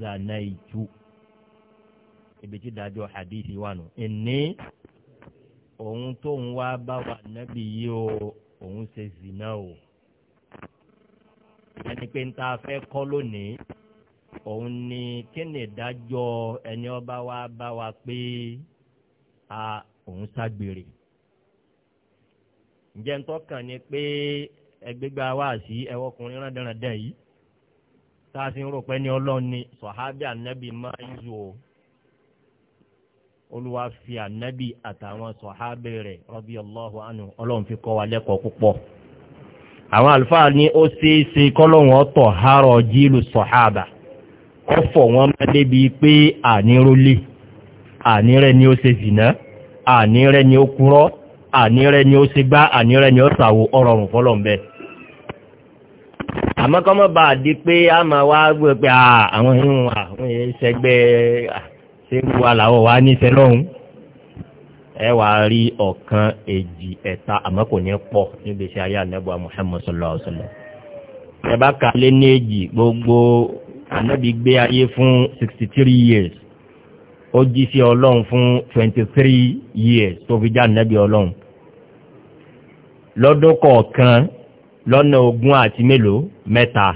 zanaitu ibi tí dájọ́ hadith wà nù. ìní òun tóun wá bá wà nábì yìí o òun ṣe zina o. ẹni pé ń ta fẹ́ kọ́ lónìí òun ni kí ni ìdájọ́ ẹni ọba wa bá wa pé a òun ságbèrè. ǹjẹ́ ń tọ́kàn ni pé ẹgbẹ́gbẹ́ wa sí ẹwọ́kùnrin rán dandan yìí táàsì ń rò pé ní ọlọ́run ni sọ̀hábì ànábì máa ń yù fi ànábì àtàwọn sọ̀hábì rẹ̀ ọlọ́run fi kọ́ wa lẹ́kọ̀ọ́ púpọ̀ àwọn àlùfáà ní ó ṣeéṣe kọ́lọ́run ọ̀tọ̀ hárọ̀ jíìlù sọ̀hábà kọ́ fọ̀ wọ́n débi pé ni ó ṣe zìnà ànírẹ́ ni ó kúrọ́ ànírẹ́ ni ó ṣe gbá àmọ́ kọ́ mọ́ bá a di pé a máa wá gbé pé àwọn irun àwọn ìṣẹ́gbẹ́ ṣé ń wà láwọ̀ wá níṣẹ́ lọ́hùn ẹ wà rí ọ̀kan èjì ẹ̀ta àmọ́ kò ní pọ̀ níbi iṣẹ́ ayé ànábọ̀ muhammed sallallahu alayhi wa sallam ẹ bá ka lé ní èjì gbogbo ànábì gbé ayé fún sixty three years ó jí sí ọlọ́run fún twenty three years tó fi já ànábì ọlọ́run lọ́dún kọ̀ọ̀kan lọ́nà ogun àti mélòó mẹ́ta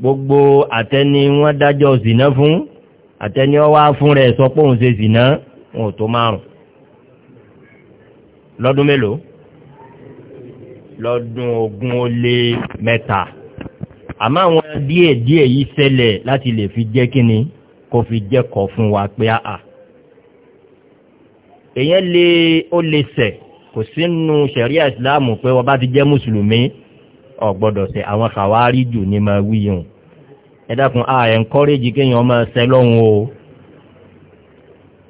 gbogbo àtẹni wọ́n dájọ́ zìnà fún àtẹni ọwá fún rẹ̀ sọ pé òun ṣe zìnà wọn ò tó márùn lọ́dún mélòó lọ́dún ogun ó lé mẹ́ta àmọ́ àwọn díẹ̀ díẹ̀ yìí ṣẹlẹ̀ láti lè fi jẹ́ kíni kó fi jẹ́ fún wa pé àà èèyàn lè ó lè sẹ̀ kò sínú sẹ̀ríà ìsìláàmù pé wọ́n bá ti jẹ́ mùsùlùmí ọ̀gbọ́dọ̀ ṣe àwọn kàwárí jù ní máa wíyùn ẹ̀dàkùn a encourage kéèyàn máa ṣe lọ́hùn o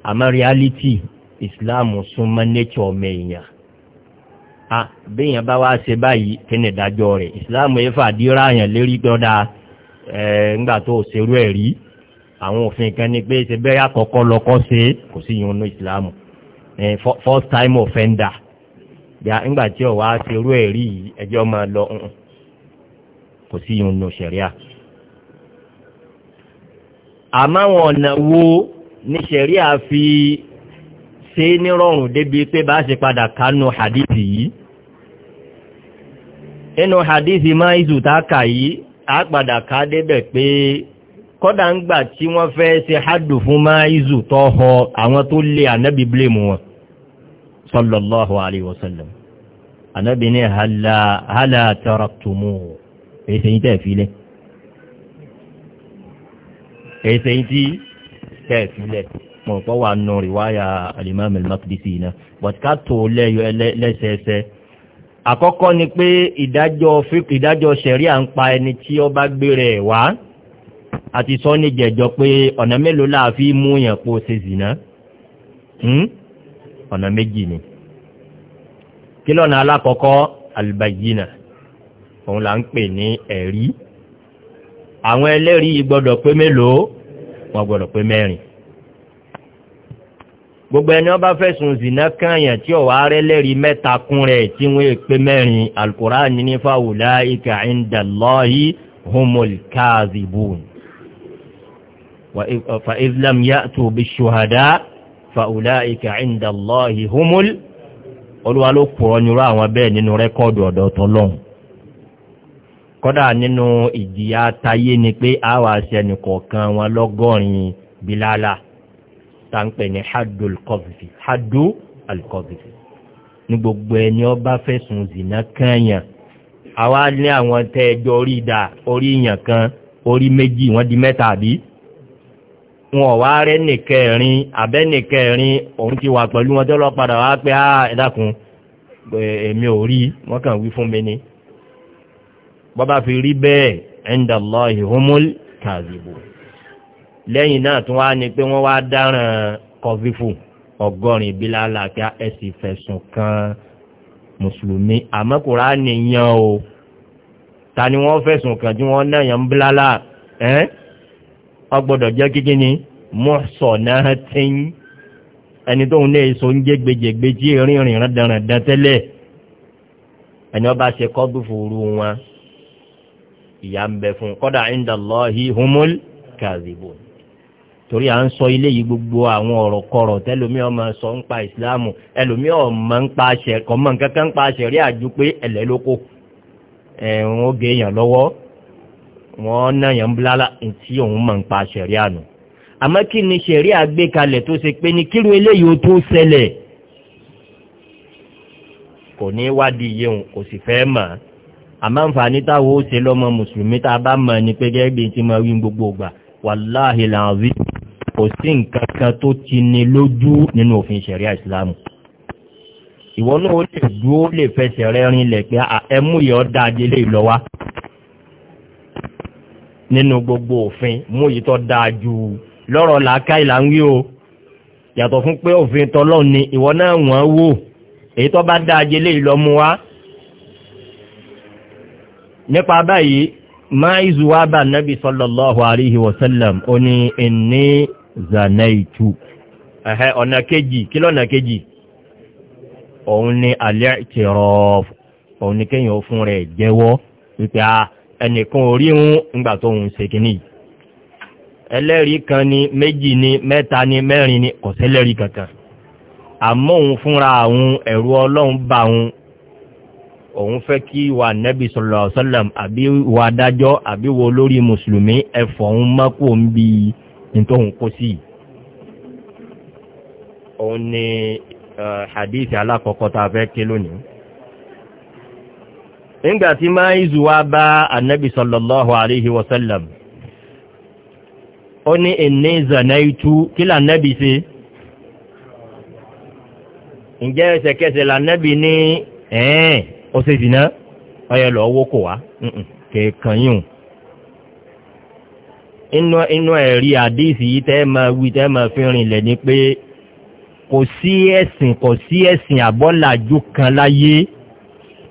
àmọ́ reality islam súnmọ́ nature ọmọ èèyàn a béèyàn bá wá ṣe báyìí kí ni ìdájọ́ islam yẹn fàdíra àyàn lérí gbọ́dá ẹ̀ tó ẹ̀ rí àwọn òfin kan ni pé ṣe àkọ́kọ́ lọ́kọ́ ṣe kò sí islam first time offender ìgbà ẹ̀ rí ẹjọ́ kò sí yun nù sẹ̀ríà àmọ́ àwọn ọ̀nà wo ní sẹ̀ríà fi ṣe nírọ̀rùn débi pé bá ṣe padà kánú hadithi yìí nínú hadithi máa ìzù táàkà yìí a padà ká débẹ̀ pé kọ́dà ń gbà tí wọ́n fẹ́ ṣe hádù fún máa ìzù tọ́ họ àwọn tó lé ànábì blame wọn sallallahu alaihi ànábì ní hàlà tọ́rọ̀tùmù èyí sẹ́yìn tẹ̀ fi lẹ̀ èyí sẹ́yìn tí tẹ̀ fi lẹ̀ mọ̀ pọ̀ wà nù rìwáyà alimami makidisi iná bọ̀tí ká tó lẹ́yọ lẹ́sẹẹsẹ àkọ́kọ́ ni pé ìdájọ́ ìdájọ́ sẹ̀ríà ń pa ẹni tí ó bá gbére ẹ̀ wá àti sọ ní jẹ̀jọ́ pé ọ̀nà mélòó la fi mú yàn pò ṣe zìnà hmm? ọ̀nà méjì ni kí alákọ̀ọ́kọ́ albayina òun là ń pè ní ẹ̀rí àwọn ẹlẹ́rìí gbọ́dọ̀ pé mélòó wọn gbọ́dọ̀ pé mẹ́rin gbogbo ẹni wọn bá fẹ̀sùn zìnà kànyàn tí ọwọ arẹlẹrìí mẹ́ta kún rẹ̀ tí wọn èpè mẹ́rin alukóra ní nífa wùlá ìkà ìndàlọ́hí humul kaazibun fa islam yàtò bí ṣùhàdá fa wùlá ìkà ìndàlọ́hí humul olúwa ló pọ̀ ọ́ nírú àwọn bẹ́ẹ̀ nínú rẹ́kọ́ọ̀dù ọ̀dọ̀ tọ́lọ́hùn kọ́dà nínú ìjìyà tayé ni pé a wà sẹ́ni kọ̀ọ̀kan wọn lọ́gọ́rin bilala ta ń pè ní hadu alkọ́fìfì hadu alkọ́fìfì ní gbogbo ẹni ọ bá fẹ̀sùn zìnà kányàn àwa ní àwọn tẹ́ ẹjọ́ orí ìdá orí ìyàn kan orí méjì wọ́n di mẹ́ta àbí wọn wá rẹ́ nìkẹrin abẹ́nìkẹrin òun ti wà pẹ̀lú wọn tó lọ padà wá pé á ah, ẹ̀dàkùn èmi ò wọ́n kàn wí fún mi ni bọ́bá fi rí bẹ́ẹ̀ indallahi humul kàzìbò lẹ́yìn náà tún wá ní pé wọ́n wá dáràn kọfífù ọgọ́rin bílálà kí a ẹ̀sì fẹ̀sùn kan mùsùlùmí àmọ́ Kùránì yan o ta ni wọ́n fẹ̀sùn kan tí wọ́n náà yan bílálà ẹ́ ọgbọ́dọ̀ jẹ́ kíkí ni muhsanatin ẹni tóun náà èso ń jẹ́ gbèjègbè tí rìnrìn rẹ̀ dẹ̀rẹ̀ dẹ̀ tẹ́lẹ̀ ẹni ọba ṣe kọ́ bí fòrú wọn ìyá ń bẹ fún kọ́dà ìndàlọ́hí humul kazibu torí à ń sọ ilé yìí gbogbo àwọn ọ̀rọ̀ kọ̀rọ̀ tẹ́lómi ọmọ sọ ń pa ìsìláàmù ẹlòmí ọmọ ń pa àṣẹ kọ̀mọ̀ kankan ń pa àṣẹ rí àjú pé ẹ̀lẹ́ lóko ẹ̀hún ó gé èèyàn lọ́wọ́ wọ́n náà yàn ń blára tí òun mọ̀ ń pa àṣẹ rí àná àmọ́ kí ni ṣẹ̀rí àgbékalẹ̀ tó ṣe pé ní kíru eléyìí ó tó ṣẹlẹ̀ kò ní wádìí yéhùn kò sì fẹ́ mọ̀ àmáǹfààní táwọ́ ó ṣe lọ́mọ mùsùlùmí tá a bá mọ̀ ní pé gẹ́gẹ́ bí ti máa wí gbogbo ìgbà wàláhì làǹfì kò sí nǹkan kan tó ti ní lójú nínú òfin ìṣẹ̀ríà ìsìláàmù ìwọ náà ó lè dúró lè fẹsẹ̀ rẹ rinlẹ̀ pé ẹmú yọ dáadé lè lọ wá nínú gbogbo òfin mú yìí tó dáa ju lọ́rọ̀ làákàyè là o yàtọ̀ fún pé òfin tọ́lọ́ ni ìwọ náà wọ́n wò èyí tó bá dáadé lè lọ mú wá nípa báyìí máìzù wá bá nẹ́bí sọ́lọ́lọ́hù àríhì wọ̀sẹ́lẹ̀m ó ní ẹni zanaitu ẹ̀hẹ́ ọ̀nà kejì kí lọ́nà kejì òun ni Alia òun ni kéyàn fún rẹ̀ jẹ́wọ́ wípé a ah, ẹnìkan orí ń ngbà kan ni méjì ni mẹ́ta ni mẹ́rin ni kọ̀sẹ́lẹ́rìí kankan àmọ́ fúnra àwọn ẹ̀rù ọlọ́run bá òun fẹ́ kí wà nẹ́bí sọ̀rọ̀ ọ̀sọ́lẹ̀m àbí wà dájọ́ àbí wo lórí mùsùlùmí ẹ̀fọ̀ ń mọ́kò ń bi nítòhùn kó sí. òun ni hadith alákọ̀ọ́kọ́ tá a fẹ́ ké lónìí. nígbà tí máa ń zùwá bá ànẹ́bí sọ̀lọ́lọ́hu àríhi wọ́sọ́lẹ̀m ó ní ẹ̀ní zanaitu kí lànẹ́bí ṣe ǹjẹ́ ẹsẹ̀kẹsẹ̀ lànẹ́bí ní ẹ̀ẹ́n ó ṣe jìnnà ọyẹ lọ owó kò wá kẹ̀ẹ̀kan yìí inú inú ẹ̀rí àdíìsì yìí tẹ́ máa wí tẹ́ máa fi rìnlẹ̀ ni pé kò sí ẹ̀sìn kò sí ẹ̀sìn àbọ́làjú kan láyé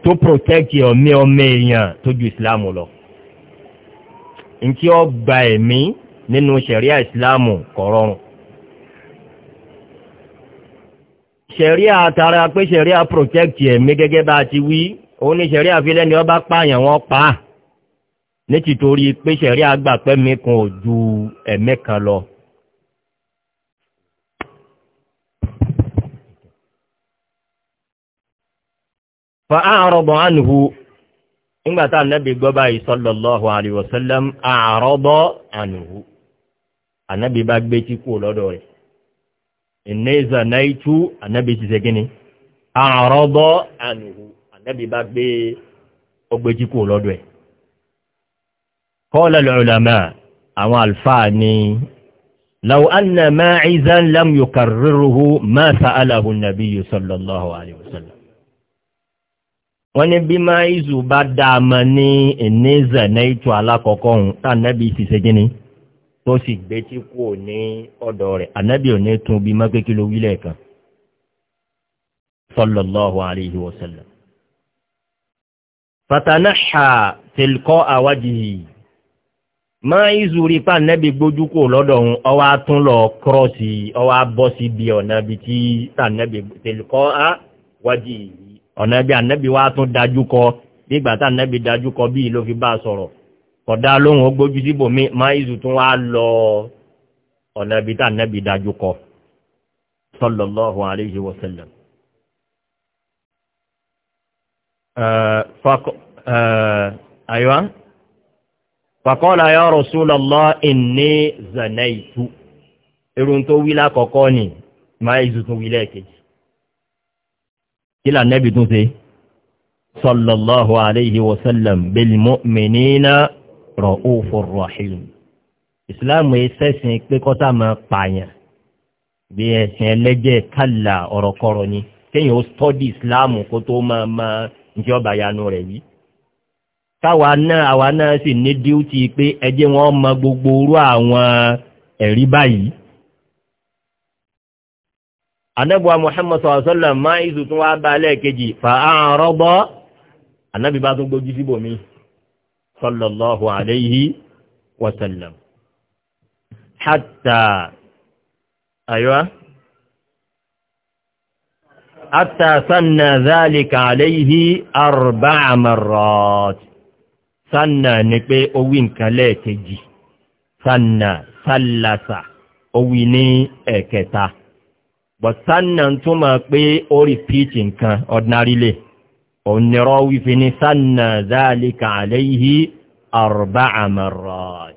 tó protẹ́kì ọ̀mí ọmọ èèyàn tó ju ìsìláàmù lọ nkí ọ gba ẹ̀mí nínú sẹ̀ríà ìsìláàmù kọ̀ ṣẹ̀ríà tara pé ṣẹ̀ríà protect ẹ̀mí gẹ́gẹ́ bá ti wí òun ni ṣẹ̀ríà fi lẹ́ni ọba pààyàn wọn pa á ní tìtorí pé ṣẹ̀ríà gbà pé mi kan ò ju ẹ̀mí kan lọ. fa àárọ̀bọ̀ ànùhù nígbà tá ànábì gbọ́ báyìí sọ́lọ́lọ́hùn àárọ̀bọ̀ ànùhù ànábì bá gbé tí kú lọ́dọ̀ rẹ̀ ìnẹ́zà náìtú ànábì ti ṣe gíní àrọ́bọ́ ànùhù ànábì bá gbé ọgbẹ́jì kò lọ́dọ̀ ẹ̀ kọ́ọ̀lẹ̀ lọ́rọ̀lọ́mọ́ àwọn alfáà ni láwọ́ annà máa ìzán lam yóò kàrírùhù máa sa'alahu nàbí yóò sallallahu alaihi wasallam wọ́n ní bí máa ìzù bá dáa mọ́ ní ìnẹ́zà náìtú alákọ̀ọ́kọ́ tó sì gbé tí kú ò ní ọ̀dọ̀ rẹ̀ ní tún bí ló wílẹ̀ kan sọlọ́lọ́hu àríyí wọ́sẹ̀lẹ̀. fatana ha tẹ̀lkọ́ àwájì yìí máa ń zuri pa ànábì gbójú kò lọ́dọ̀ òun ọwá tún lọ bọ́ sí bí tí wa tún dájú kọ bí ìgbà dájú kọ kọ̀dá lóhùn ó gbójú síbò mí máìzù tún wá lọ ọ̀nà ibi tá nẹ́bi dájú kọ sọlọ́lọ́hu àríyí wọ́sẹ̀lẹ̀. àyíwá fàkọ́lá yọ rọ̀súlọ́lọ́ ìní zanaitu irun tó wí lákọ̀ọ́kọ́ ni máìzù tún wí lẹ́ẹ̀kejì kí là nẹ́bi tún ṣe sọlọ́lọ́hu àríyí wọ́sẹ̀lẹ̀ bẹ́ẹ̀ mọ́mìnínà. ra'ufur rahim ìsìláàmù ẹsẹ̀sìn pé kọ́tà máa pààyàn bí ẹ̀sìn ẹlẹ́jẹ̀ kálà ọ̀rọ̀kọ̀rọ̀ ni kéèyàn ó stọ́dì ìsìláàmù kó tó máa máa ǹjẹ́ ọba yanu rẹ̀ yìí táwa náà àwa náà sì ní pé ẹjẹ́ wọn mọ gbogbo orú àwọn ẹ̀rí báyìí anabuwa fa gbójú síbòmí sallallahu alayhi wa sallam hatta aywa hatta sanna dhalika alayhi arba'a marrat sanna ni pé ó wí nǹkan lẹ́ẹ̀kejì sanna sallasa ó wí ní ẹ̀kẹta but sanna ń túmọ̀ pé ó repeat nǹkan ordinarily ònìrọ̀ wífi ní sánà záàlìkà àléyìí arba'a marrat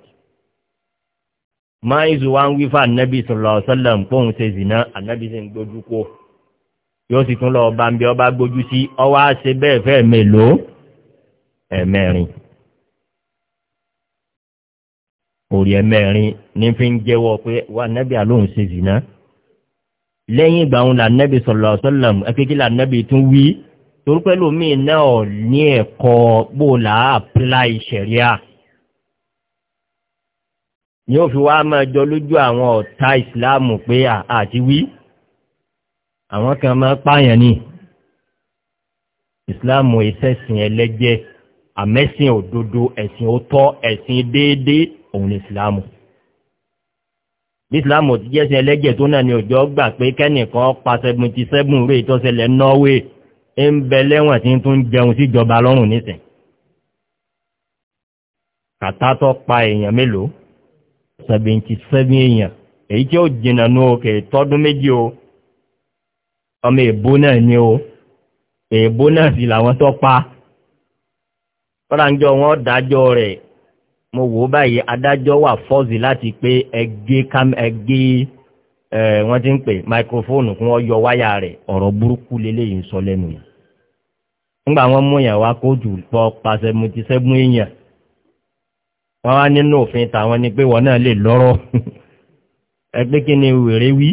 máìsù wá ń wífà nẹ́bí sọ̀lọ̀sọ́lọ̀ ń pòun ṣe zìnà ànẹ́bí sì ń gbójú kó yóò sì tún lọ bá ń bí ọba gbójú sí ọwá ṣe bẹ́ẹ̀ fẹ́ mélòó ẹ̀mẹ́rin orí ẹ̀mẹ́rin ní fi ń jẹ́wọ́ pé wà nẹ́bí àlóhùn ṣe zìnà lẹ́yìn ìgbà òun là nẹ́bí sọ̀lọ̀sọ́lọ̀ ẹ̀kẹ́kẹ́ là nẹ́bí tún wí torí pẹ́lú mi náà ní ẹ̀kọ́ bóòlà apply sharia ni ó fi wá máa jọ lójú àwọn ọ̀tá ìsìláàmù pé àti wí àwọn kan máa pààyàn ni ìsìláàmù ìṣẹ̀sìn ẹlẹ́jẹ̀ àmẹ́sìn òdodo ẹ̀sìn òótọ́ ẹ̀sìn déédéé òun ni ìsìláàmù bí ìsìláàmù ti jẹ́sìn ẹlẹ́jẹ̀ tó náà ni òjò gbà pé kẹ́nìkan pa seventy rèé tó norway ń bẹ lẹ́wọ̀n tí ń tún jẹun síjọba lọ́rùn nísìn kàtàtọ̀ pa èèyàn mélòó seventy seven èèyàn èyí tí ó jìnnà ní òkè tọdún méjì o ọmọ èbó náà ni o èbó náà sì làwọn tó pa fọláńjọ wọn dájọ́ rẹ̀ mo wò báyìí adájọ́ wà fọ́ọ̀sì láti pé ẹgbẹ́ kam ẹgbẹ́ ẹ wọ́n ti ń pè máikrófóònù kí wọ́n yọ wáyà rẹ̀ ọ̀rọ̀ burúkú lélẹ́yìn sọ lẹ́nu yìí ńgbà wọn mú yàn wá kóòtù pọ pàṣẹ mutí sẹ́gun èèyàn wọn wá nínú òfin tàwọn ni pé wọn náà lè lọ́rọ̀ ẹgbẹ́ kí ni wèrè wí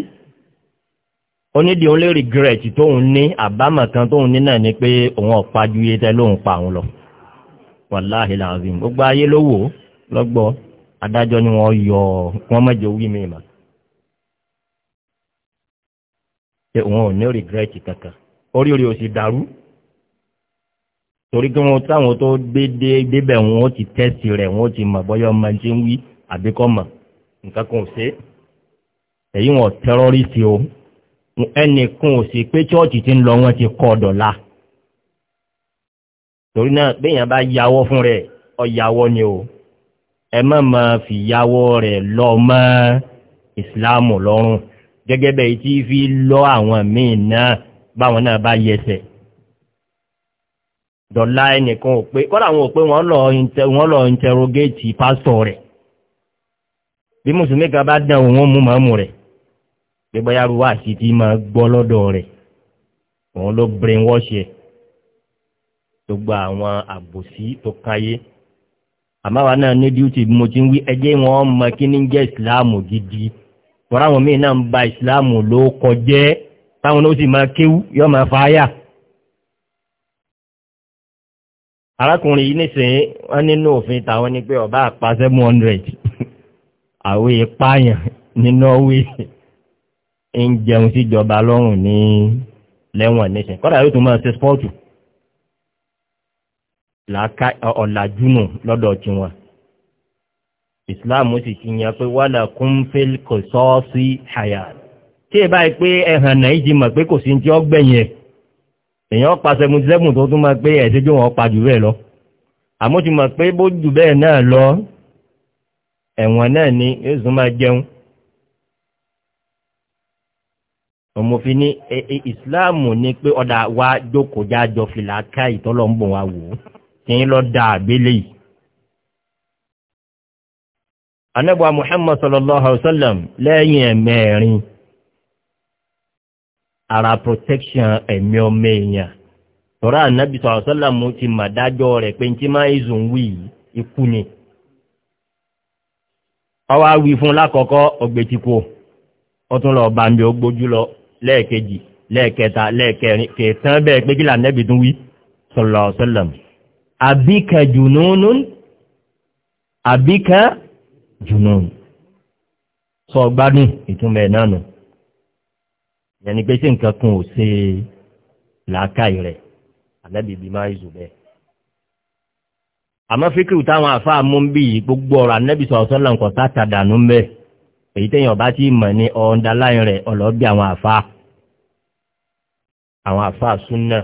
onídìí òun lè regret tóun ní àbámọ̀ kan tóun ní náà ni pé òun ọ̀pá ju iye tẹ lóun pa òun lọ wàláhì làzim gbogbo ayé ló wò ó lọ́gbọ́ adájọ́ ni wọ́n yọ wọ́n mọ̀jọ wí mi mà pé òun ò ní regret kankan orí orí ò sì dàrú torí kí wọn táwọn tó gbé débẹ̀ wọn ó ti tẹ́sì rẹ̀ wọn ó ti mọ̀ bọ́yọ́ ọmọ tí ń wí àbíkọ́ mọ̀ nǹkan kan ò ṣe èyí wọn tẹ́rọ́rìsì o ẹnìkan ò sì pé chọ́ọ̀chì ti ń lọ wọn ti kọ́ ọ̀dọ̀ la torí náà béèyàn bá yàwọ́ fún rẹ̀ ọ yàwọ́ ni o ẹ má ma fi yàwọ́ rẹ̀ lọ mọ́ ìsìláàmù lọ́rùn gẹ́gẹ́ bẹ́ẹ̀ tí fi lọ àwọn míì náà báwọn náà bá yẹsẹ̀ dọ̀lá ẹnìkan ò pé kọ́dà àwọn ò pé wọ́n lọ interrogate pásítọ̀ rẹ̀ bí mùsùlùmí kan bá dán òun mú màmú rẹ̀ pé bóyá ruwá sí ti máa gbọ́ lọ́dọ̀ rẹ̀ òun ló brain wash ẹ̀ tó gba àwọn àbòsí tó káyé àmáwa náà ní duty mo ti ń wí ẹjẹ́ wọn mọ kí ní jẹ́ ìsìláàmù gidi tọ́ra àwọn míì náà ń ba ìsìláàmù ló kọjẹ́ táwọn ó sì máa kéwú yóò máa fa áyà. arákùnrin yìí nísìnyí wọ́n nínú òfin tàwọn ni pé ọba àpá seven hundred àwọn ìpààyàn ní norway ń jẹun síjọba lọ́rùn ní lẹ́wọ̀n nísìnyí kọ́dà yóò tún máa ṣe spọ́ọ̀tù ọ̀làjúnù lọ́dọ̀ tiwọn islam sì ti yan pé wàlà kúnfẹ́l kò sọ́ọ́ sí àyà tí ì báyìí pé ẹ̀hàn náà yìí ti mọ̀ pé kò sí ní tí ó gbẹ̀yìn ẹ̀ èèyàn pa seventy seven tó tún máa pé ẹ̀sẹ̀ jó wọn pa jù bẹ́ẹ̀ lọ àmọ́ ti mọ̀ pé bó jù bẹ́ẹ̀ náà lọ ẹ̀wọ̀n náà ni èsùn máa jẹun òmòfin ní e, e, ìsìláàmù ni pé ọ̀dà wa jókòó jájọ fìlà ká ìtọ́lọ̀ ń bọ̀ wá wò ó kí n lọ da àgbélé yìí. anábọ̀ muhammad sallallahu alayhi wa sallam lẹ́yìn ẹ̀mẹ́rin ara protection ẹ̀mí ọmọ èèyàn tọ́ra ànábì sọ̀rọ̀ sọ́là mo ti mà dájọ́ rẹ̀ pé ntí máa ń zùn wí ikú ni. ọwọ́ awi fún lákọ̀ọ́kọ́ ọ̀gbẹ̀tìkọ ọtún lọ bá mi ọgbójú lọ lẹ́ẹ̀kejì lẹ́ẹ̀kẹta lẹ́ẹ̀kẹrin kẹtàn bẹ́ẹ̀ pé kí là ànábì tún wí sọ̀rọ̀ sọ́là mi. jùnúnú àbíkẹ́ jùnúnú sọ gbádùn ìtumọ̀ ẹ̀ náà nù yẹnni pé tí nǹkan kan ò ṣe làákàyè rẹ̀ ànábìbí máa ń zù bẹ́ẹ̀. àmọ́ fíkìrì táwọn àfáà mú bí yìí gbogbo ọ̀rọ̀ ànábì sọ̀rọ̀ sọ́lá nǹkan tá tàdánù mbẹ́ èyí téèyàn bá ti mọ̀ ní ọ̀ǹda láyìn rẹ̀ ọ̀lọ́bí àwọn àfáà àwọn àfáà súnà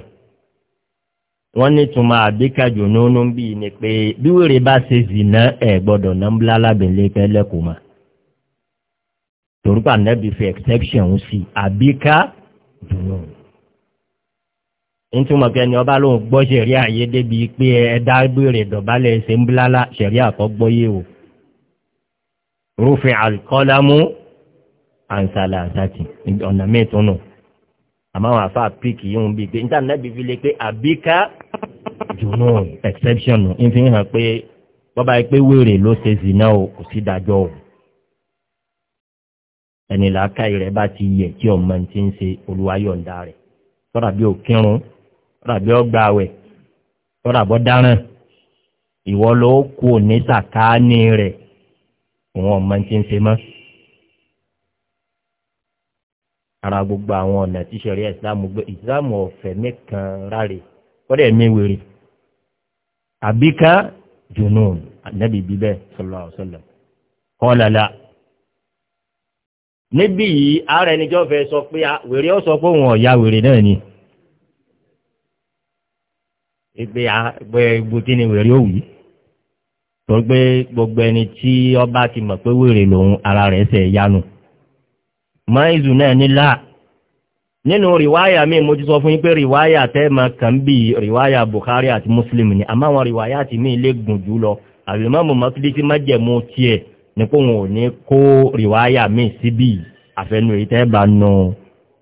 wọ́n ní túnmọ̀ àbíkàjò nínú bí ni pé bí wèrè bá ṣe zìnà ẹ̀ gbọ́dọ̀ náà ń bla lábẹ́lẹ́ pẹ́lẹ́kùmá torúkọ ànábì fi exception sí àbíká dùnú. nítumọ̀ pé ẹni ọba lóun gbọ́ sẹ̀rí àyè débi pé ẹ̀dá gbére dọ̀bálẹ̀ ṣe ń bílálá sẹ̀rí àkọ́gbọ́yé o. rúfin àkọ́lámú ànsálà àsátì ọ̀nà mẹ́tọ́ nù. àmọ́ àwọn àfa píkì yìí ń bi pé níta ànábì fi lè pé àbíká dùnú exception nù. ń fi hàn pé bọ́ba yìí pé wèrè ló ṣe zìnnà o kò sí dájọ́ o ẹni làákàyè rẹ̀ bá ti yẹ tí ọmọ ti ń ṣe olúwa yọ̀ǹda rẹ̀ tọ́ra bí òkírun tọ́ra bí ọgbàwẹ̀ tọ́ra bọ́ dáràn ìwọ ló kú òní sàkáání rẹ̀ òun ọmọ ti ń ṣe mọ́. ara gbogbo àwọn ọ̀nà tí sẹ̀rí ìsìlámù gbé ìsìlámù ọ̀fẹ́ mẹ́kan ráre kọ́dẹ̀ mi wèrè àbíká jùnú ànábì bíbẹ́ sọlọ́ọ̀ sọlọ́ kọ́ lálá. níbí yìí ara ẹnìjọ́ sọ pé wèrè ó sọ pé òun ọ̀ya wèrè náà ni ìgbé gbogbo kí ni wèrè ó gbogbo gbogbo ẹni tí ọba ti mọ̀ pé wèrè lòun ara rẹ̀ yanu maizu náà ní láà nínú rìwáyà míì mo ti sọ fún yín pé rìwáyà tẹ́ẹ̀mà kan bí rìwáyà buhari àti muslim ni àmọ́ àwọn rìwáyà ti mí lè gùn jù lọ májẹ̀mú tiẹ̀ ní kó wọn ò ní kó rìwáyà míì síbí àfẹnú èyí tẹ́ bá nu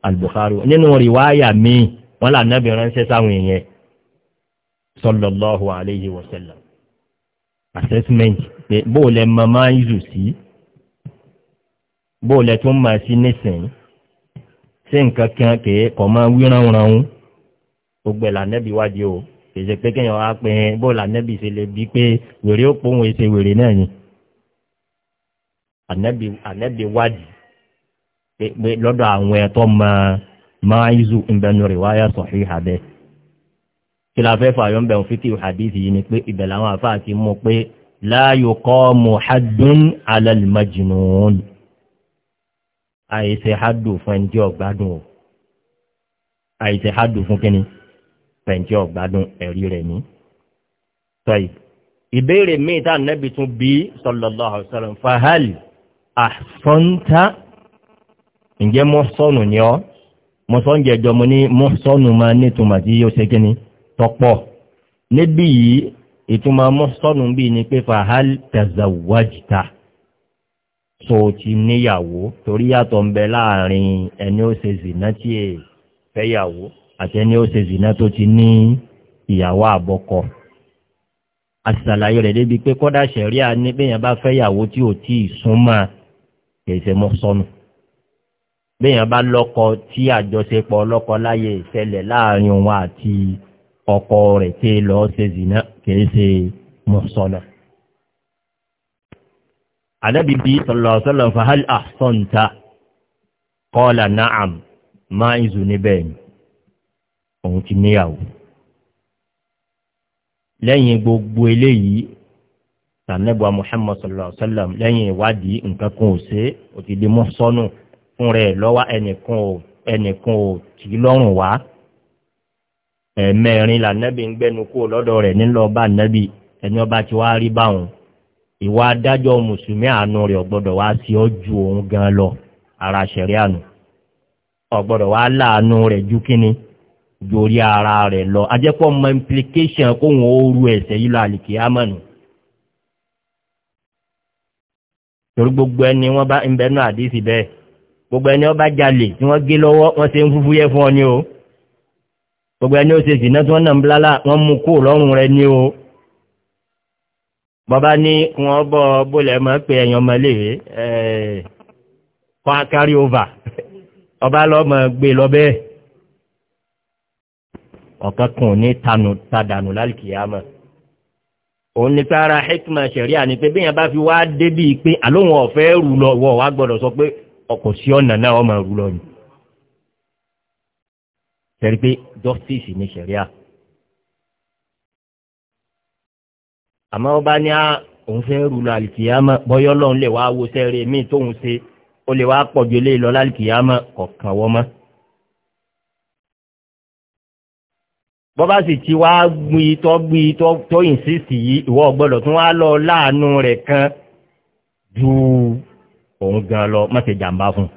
alùbùkárù nínú rìwáyà míì wọ́n là nábì ránṣẹ́ sáwọn èèyàn sọlọ́lọ́hu aleyhi wa sẹlẹ̀ assessment pé bó lẹ mọ máa ń zù sí bó lẹ tún máa sí nísìnyí ṣé nǹkan kan kèé kọ́ máa wíran ranun gbogbo ẹ̀ là nábì wájú o kèsè pé kéèyàn wá pé bó là nábì ṣe lè bí pé wèrè ó pòun èsè wèrè náà yìí ànẹ́bí wádìí pé lọ́dọ̀ àwọn ẹ̀tọ́ máa ń yíṣu ìbẹnu rẹ̀ wáyà sọ̀hí àbẹ́ kí la fẹ́ fààyàn bẹ̀rù fíkì hadith yìí ni pé ibẹ̀ làwọn àfáà ti mú pé láàyò kọ́ muhaddun alalmajinun àìsè hádùn fún ẹni tí ọ̀gbádùn o àìsè hádùn fún kíni fẹ̀ǹtì ọ̀gbádùn ẹ̀rí rẹ̀ ní. ìbéèrè míì tá ànẹ́bí tún bí sọlọ́lá ọ̀sọ̀rọ̀ fahali àsọ́ńtà ǹjẹ́ mọ́sọ́nù ni ọ́ mọ́sọ́njẹ́ ẹjọ́ mo ní mọ́sọ́nù máa nítumọ̀ tí yóò ṣe kíni tọ́pọ̀ níbí yìí ìtumọ̀ mọ́sọ́nù bíi ni pé fahal tazawajta tó ti níyàwó torí yàtọ̀ ń bẹ láàrin ẹni ó ṣe zìnà tí è fẹ́yàwó àti ẹni ó ṣe zìnà tó ti ní ìyàwó àbọ̀kọ̀ àṣàlàyé rẹ̀ débi pé kọ́dà ṣẹ̀ríà ní bẹ́yàn bá fẹ́yàwó tí ò tí ì súnmọ́ kìí ṣe mọ́ sọnù béèyàn bá lọ́kọ tí àjọṣepọ̀ ọlọ́kọ láyè ìṣẹ̀lẹ̀ láàrin òun àti ọkọ rẹ̀ tí lọ ṣe zìnà kìí ṣe mọ́ sọnà. Ànábi bíi sọ̀lọ̀ sọ̀lọ̀ fàhálì àsọ̀ǹta kọ́ọ̀là náàm máa ń zù níbẹ̀ ni òun ti níyàwó. Lẹ́yìn gbogbo eléyìí sànẹ́bùa muhammed sallallahu alayhi wa sallam lẹ́yìn ìwádìí nǹkan kan ò ṣe é ó ti di mú sọ́nù fún rẹ̀ lọ́wọ́ ẹnìkan ò ẹnìkan ò tì í lọ́rùn wá. ẹ̀ẹ̀mẹrin lànẹ́bì ń gbẹ́nu kúrò lọ́dọ̀ rẹ̀ nílọ bá nẹ́bì ẹni ọba ti wá rí báwọn. ìwà adájọ́ mùsùlùmí àánú rẹ̀ ọ̀gbọ́dọ̀ wá sí ọ ju òun gan lọ ara ṣẹ̀rí àánú. ọ̀gbọ́dọ̀ wá láàánú rẹ̀ ju kíni ju orí ara rẹ̀ lọ. ajẹ́pọ̀ mọ implication kóhun ó rú ẹ̀sẹ̀ yìí lọ àlìkè ámọ̀nù torí gbogbo ẹni wọ́n bá ń bẹnu àdísì bẹ́ẹ̀ gbogbo ẹni wọ́n bá jalè tí wọ́n gé lọ́wọ́ wọ́n ṣe ń fúfú yẹ fún ọ ni o gbogbo ẹni ó ṣe sì náà tí wọ́n nà ń blálà wọ́n mú kó lọ́rùn rẹ ni o bọ́bá ní kí wọ́n bọ́ bólẹ̀ mọ́ pé ẹ̀yàn ọmọléèwé kọ́ akárí ova ọba lọ́mọ gbé lọ bẹ́ẹ̀ ọ̀kan kan ní tanù tadànù lálùkìyàmọ̀ òun ni pé ara hikma ni pé bí yẹn bá fi wá débi pé àlóhùn ọ̀fẹ́ rù lọ wọ́n wá gbọ́dọ̀ sọ pé ọkọ̀ sí ọ̀nà náà ọmọ rù lọ ni. ṣẹ̀rí pé justice ni ṣẹ̀ríà. àmọ́ ọba ní a ah, òun fẹ́ rù lọ àlìkìyàmọ́ bọ́yọ́ lọ́n lè wá wo sẹ́rẹ̀ míì tóun ṣe ó lè wá pọ̀jù eléyìí lọ lálìkìyàmọ́ kọ̀ọ̀kan wọ́n mọ́. bọ́ bá sì ti wá gbin tọ́ gbin tọ́ ìsìsì yìí ìwọ gbọ́dọ̀ tún wá lọ láàánú rẹ̀ kan ju òun gan lọ má ṣe jàǹbá fún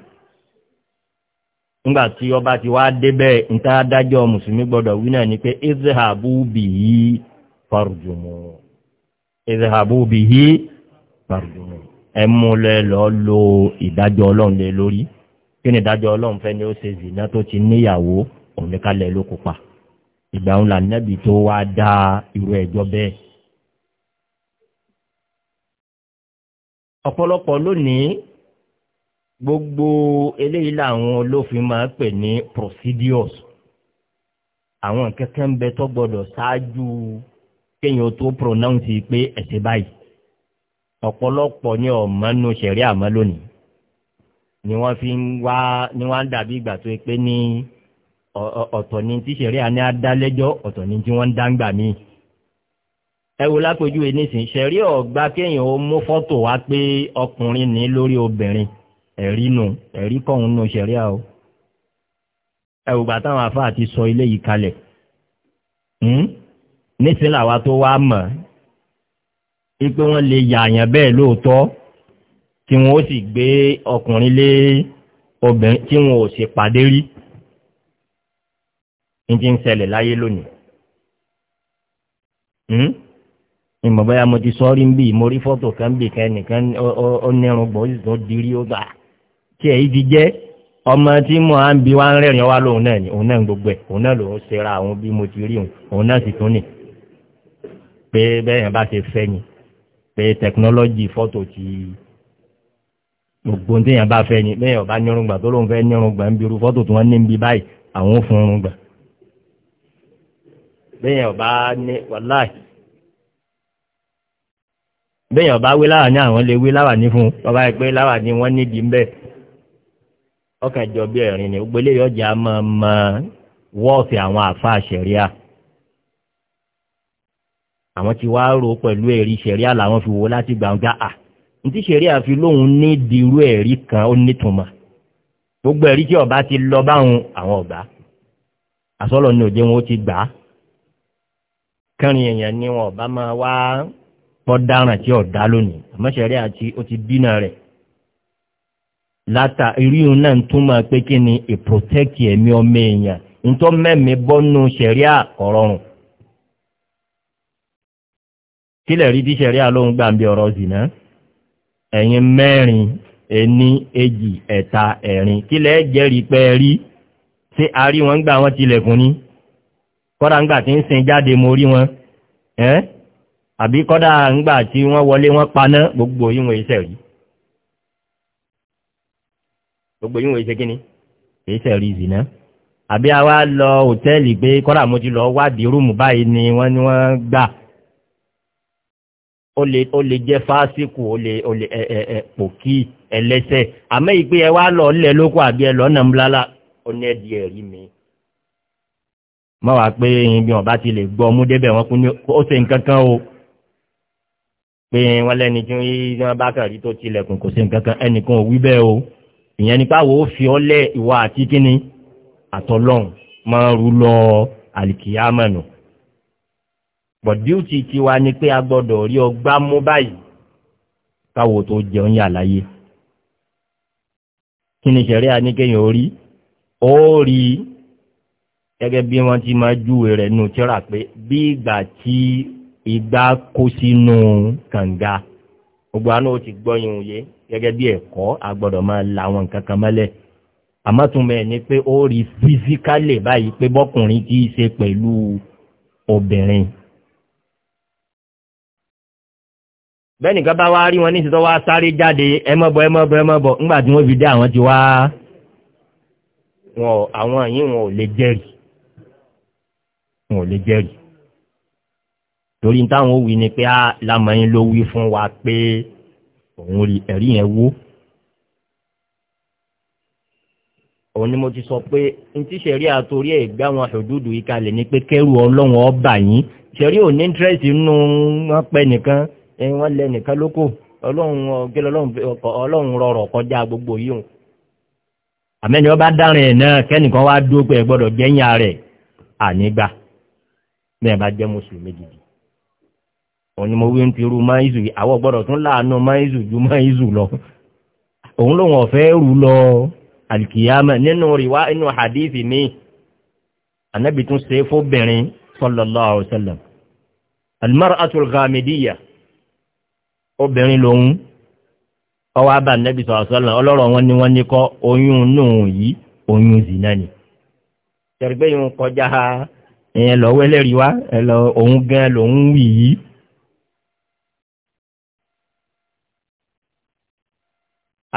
un nígbà tí ọba ti wá débẹ̀ níta dájọ́ mùsùlùmí gbọ́dọ̀ wí náà ni pé ezehabu bìí farujumu ẹ mú lẹ lọ lo ìdájọ́ ọlọ́run lórí kí ni ìdájọ́ ọlọ́run fẹ́ ni ó ṣe zìnà tó ti níyàwó òun ní ká lẹ ló kópa ìgbà òun lànàbì tó wá dá irú ẹjọ́ bẹ́ẹ̀. ọ̀pọ̀lọpọ̀ lónìí gbogbo eléyìí làwọn olófin máa ń pè ní procedures àwọn kẹ́kẹ́ ń bẹ tó gbọ́dọ̀ ṣáájú kéèyàn tó pronounce pé ẹ̀sẹ̀ báyìí ọ̀pọ̀lọpọ̀ ní ọ̀mọ́nú ṣẹ̀rí àmọ́ lónìí ni wọ́n fi ń wá ni wọ́n á dàbí ìgbà tó yẹ pé ní ọ̀tọ̀ ni tí sẹ̀rí àní adálẹ́jọ́ ọ̀tọ̀ ni tí wọ́n ń dáńgbà mí. ẹ wo lápèjúwe nísìnyí sẹ̀rí ọ̀gbá kéèyàn ó mú fọ́tò wá pé ọkùnrin ní lórí obìnrin ẹ̀rí nù ẹ̀rí kọ̀ọ̀hún nù sẹ̀rí àwọ̀. ẹ wò bàtà àwọn afá àti sọ ilé yìí kalẹ̀ hmm? nísìnyí làwa tó wá mọ̀ wípé wọ́n lè yààyàn bẹ́ẹ̀ lóòótọ́ tí wọ́n ó sì gbé ọkùnrin lé obìnrin tí wọ́n ò sì pàdé rí ní ti ń ṣẹlẹ̀ láyé lónìí. Hmm? ìmọ̀ bóyá mo ti sọ́ọ́rí ń bì mo rí fọ́tò kan bì kan nìkan ó nírun gbọ́ ó sì tún dirí ó gbà tí èyí ti jẹ́ ọmọ tí mo à ń bi wá ń rẹ̀rìn wá lóhun náà ni òun náà gbogbo ẹ̀ òun náà lòun ṣe ra àwọn bí mo ti rí òun òun náà sì tún nì pé bẹ́ẹ̀ yẹn bá ṣe fẹ́ ni pé tẹkinọ́lọ́jì fọ́tò ti gbogbo ní téèyàn bá fẹ́ ni bẹ́ẹ̀ yẹn bá nírun gbà tó lóun fẹ́ nírun gbà ń bi irú fọ́tò tí wọ́n ní ń bi báyìí àwọn ò fún irun gbà bẹ́yẹn ọba ní wàláì bẹ́yẹn ọba wé láwà ní àwọn lè wé láwà ní fún ọba yìí pé láwà ní wọ́n nídìí ń bẹ̀ ọkàn jọ bí ẹ̀rín ni gbogbo eléyìí ọjà máa mọ wọ́ọ̀fì àwọn àáfàá ṣẹ̀ríà àwọn ti wá rò pẹ̀lú ẹ̀rí ṣẹ̀ríà làwọn fi wo láti gbàǹgà à ntí ṣẹ̀ríà fi lóhun ní dirú ẹ̀rí kan ó nítumọ̀ gbogbo ẹ̀rí tí ọba ti lọ báwọn àwọn ọba àsọlọ ní òde wọn ó ti gbà á kẹrin èèyàn ni wọn ọba máa wá pọ́ dáràn tí ọ̀dá lónìí àmọ́ṣẹ̀rí àti ó ti dínà rẹ̀ látà irú náà túmọ̀ pé kí ni ìprotẹ́kì ẹ̀mí ọmọ èèyàn ntọ́ mẹ́mí bọ́nú sẹ̀ríà ọ̀rọ̀rùn kílẹ̀ rí tí sẹ̀ríà ló ń gbàǹbí ọ̀rọ̀ zìnà ẹ̀yin mẹ́rin ẹni èjì ẹ̀ta ẹ̀rin kílẹ̀ jẹ́rìí pé tí a rí wọn gbà wọn tilẹ̀kùn ní kọ́dà ńgbà tí ń sin jáde mo rí wọn ẹ́ àbí kọ́dà ńgbà tí wọ́n wọlé wọ́n paná gbogbo yíwọ̀n iṣẹ́ rí gbogbo yíwọ̀n iṣẹ́ kí ni iṣẹ́ rí ìzìnà àbí a wá lọ hòtẹ́ẹ̀lì pé kọ́dà mo ti lọ wádìí rúùmù báyìí ni wọ́n ni wọ́n gbà ó lè ó lè jẹ́ fásikù ó lè ó lè ẹ ẹ ẹ pòkí ẹlẹ́sẹ̀ àmọ́ ìpè ẹ wá lọ lẹ lóko àbí ẹ lọ́nà ńlá ó ní ẹ di ẹ̀rí mi mọ́ wá pé ibi ọ̀bá ti lè gbọ́ mú débẹ̀ wọn kún ní ó ṣe nǹkan kan o pé wọ́n lẹ́ni tí wọ́n bá kàn rí tó tilẹ̀kùn kò ṣe nǹkan kan ẹnìkan ò wí bẹ́ẹ̀ o ìyẹn nípa wo ó fi ọlẹ́ ìwà àti kíni àtọ́lọ́hùn máa rú lọ àlìkìyámà nù bọ̀díùtì tiwa ni pé a gbọ́dọ̀ rí ọgbà mú báyìí káwo tó jẹun yà láyé kí ni ṣẹ̀rí àníkéyàn ó rí ó rí gẹ́gẹ́ bí wọ́n ti máa júwe rẹ̀ nù tíra pé bí ìgbà tí ìgbà kó sínú kànga gbogbo àánú ó ti gbọ́yìn òye gẹ́gẹ́ bí ẹ̀kọ́ agbọ́dọ̀ máa la àwọn nǹkan kan mọ́lẹ̀ àmọ́túnmẹ́ ni pé ó rí físíkálì báyìí pé bọ́kùnrin kì í ṣe pẹ̀lú obìnrin. bẹ́ẹ̀ nìkan bá wá rí wọn wọn ò lè jẹ́rìí torí táwọn wí ni pé lámọ̀yìn ló wí fún wa pé òun rí ẹ̀rí yẹn wó òun ni mo ti sọ pé ntí sẹ̀rí àtòrí ẹ̀ gbá wọn àṣòdúdú yìí kalẹ̀ ni pé kẹ́rù ọlọ́run ọba yín sẹ̀rí ò ní íńtírẹ́sì nínú wọn pẹ́ nìkan wọn lẹ nìkan lóko ọlọ́run ọ̀gẹ́lẹ́ ọlọ́run rọrọ̀ kọjá gbogbo yìí hùn àmẹ́ni ọba dárin ẹ̀ náà kẹ́nìkan wá dúró pé ẹ gbọ́dọ̀ jẹ́yìn ara ẹ̀ ànígbà bẹ́ẹ̀ bá jẹ́ mùsùlùmí gidi òun ni mo wí ń ti ru máìzù àwọ̀ gbọ́dọ̀ tún láàánú máìzù ju máìzù lọ òun lòun ọ̀fẹ́ rù lọ alìkìyàmẹ̀ nínú rìwá inú hadith mi anábì tún ṣe fóbìnrin sallallahu alaihi wasallam almar atul ghamidiyya obìnrin lòun ọwọ́ abà anábì sallallahu alaihi wasallam ọlọ́rọ̀ wọn ni wọ́n ní kọ́ oyún nù yìí oyún zìnà ni tẹ̀rẹ̀gbẹ́ yìí ìyẹn lọ wẹ́lẹ́rìí wá ẹ̀lọ òun gan lòun wì yí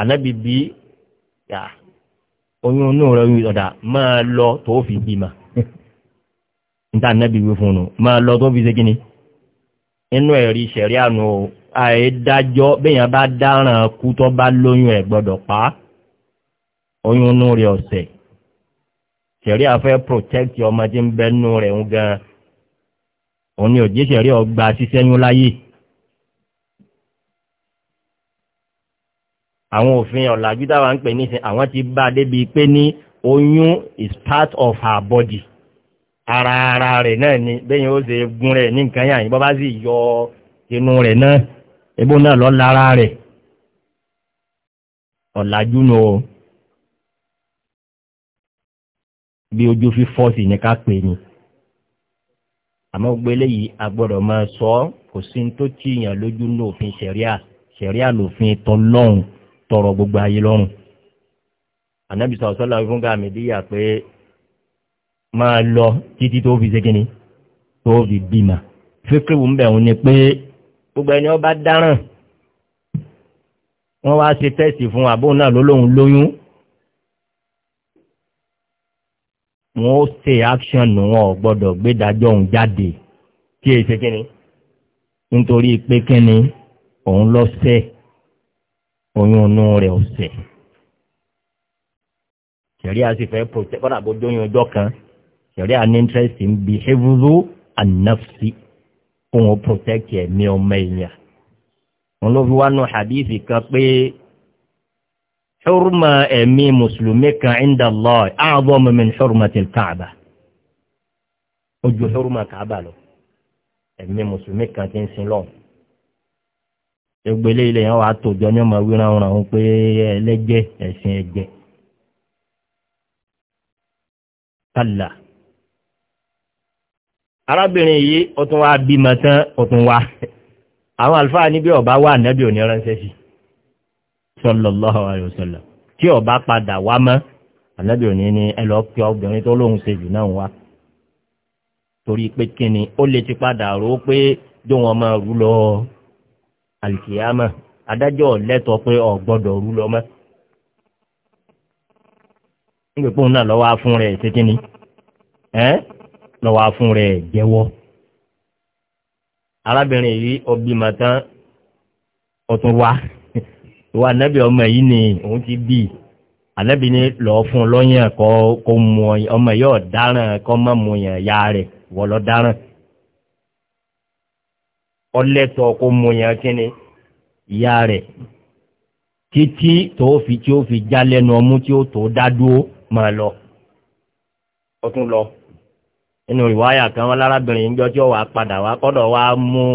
ànábì bí yà oyún inú rẹ̀ wí ọ̀dà máa lọ tó fi bímọ níta ànábì wí fún un máa lọ tó fi ṣe kíni inú ẹ̀rí ṣẹ̀rí àánú àìdájọ́ bẹ́yàn bá dáràn kú tó bá lóyún ẹ̀ gbọ́dọ̀ pa oyún inú rẹ̀ ọ̀sẹ̀ sẹ̀rí afẹ́ protect ọmọ tí ń bẹ́nu rẹ̀ ń gan òun ni òjì sẹ̀rí ọgbà ṣiṣẹ́yún láyé. àwọn òfin ọ̀làjú táwa ń pè nísìn àwọn ti bá a débi pé ní oyún is part of her body ara ara rẹ̀ náà ni bẹ́yìn ó ṣe gun rẹ̀ ní nǹkan yàn bọ́ bá sì yọ inú rẹ̀ náà ebó náà lọ́ lára rẹ̀ ọ̀làjú nù o. No bí ojú fi fọ́ọ̀sì ní ká pè ní àmọ́ gbogbo eléyìí agbọ́dọ̀ máa sọ ọ́ kò sí ní tó tí ìyàn lójú ní òfin sẹ̀ríà sẹ̀ríà lòfin tọ́ lọ́rùn tọrọ gbogbo ayé lọ́rùn ànábì sọ̀rọ̀ sọ́la fún gàmídíyà pé máa lọ títí tó fi ṣégeni tó fi bímà fíkìrìwù ń bẹ̀ wọ́n ni pé gbogbo ẹni ọba dáràn wọ́n wá ṣe tẹ́sì fún àbóhùn náà lólóhùn lóyún wọn ó ṣe action wọn ò gbọ́dọ̀ gbédájọ́ òun jáde kí èsì kíni nítorí pé kíni òun lọ sẹ́ oyún inú rẹ̀ ọ̀sẹ̀ sẹ̀rí a sì fẹ́ protect kọ́nà àbójóyún ọjọ́ kan sẹ̀rí a ní interest ń bi and nafsi kóun protect ẹ̀mí ọmọ èèyàn wọn ló fi wá nù hadith kan pé ṣúrùmà ẹ̀mí mùsùlùmí kan ẹ̀ndà lọ ààbọ̀ mọ̀mí ṣúrùmà ti káàbà ojú ṣúrùmà káàbà lọ ẹ̀mí mùsùlùmí kan ti ń sin lọ egbele ilẹ̀ yẹn wàá tòjọ́ ní ọmọ wíran ọ̀ràn ọ̀hún pé ẹlẹ́jẹ̀ ẹ̀sìn ẹ̀jẹ̀ kálá arábìnrin yìí ó tún wá bímọ tán ó tún wá àwọn àlùfáà níbi ọba wà nẹ́bí òní ránṣẹ́ sí i. sọlọ́lọ́hà àyọ̀sọ̀lọ̀ tí ọba padà wá mọ́ ànábì ni ẹ lọ pe obìnrin tó lóun ṣe jù náà wá torí pé kíni ó lè ti padà rò ó pé jó wọn máa rú lọ àlìkìyámà adájọ́ pé ọ̀ gbọ́dọ̀ rú lọ mọ́ nígbà pé òun lọ́wọ́ fún ṣe kíni lọ́wọ́ fún rẹ̀ arábìnrin yìí ọbí màtán ọtún wá. ìwà ànábì ọmọ yìí ni òun ti bí ànábì ni lọ fún lọ́yàn kọ́ kó mu ọmọ yìí ọ̀daràn kọ́ mọ́ mu yàn ya rẹ̀ wọ́n lọ dáràn ọlẹ́tọ̀ kó mu yàn kíni ìyá rẹ̀ títí tó fi tí ó fi já lẹ́nu ọmú tí ó tó dá dúró máa lọ ọtún lọ inú ìwáyà kan wọn lárábìnrin ń tí ó wàá padà wá kọ́dọ̀ wá mú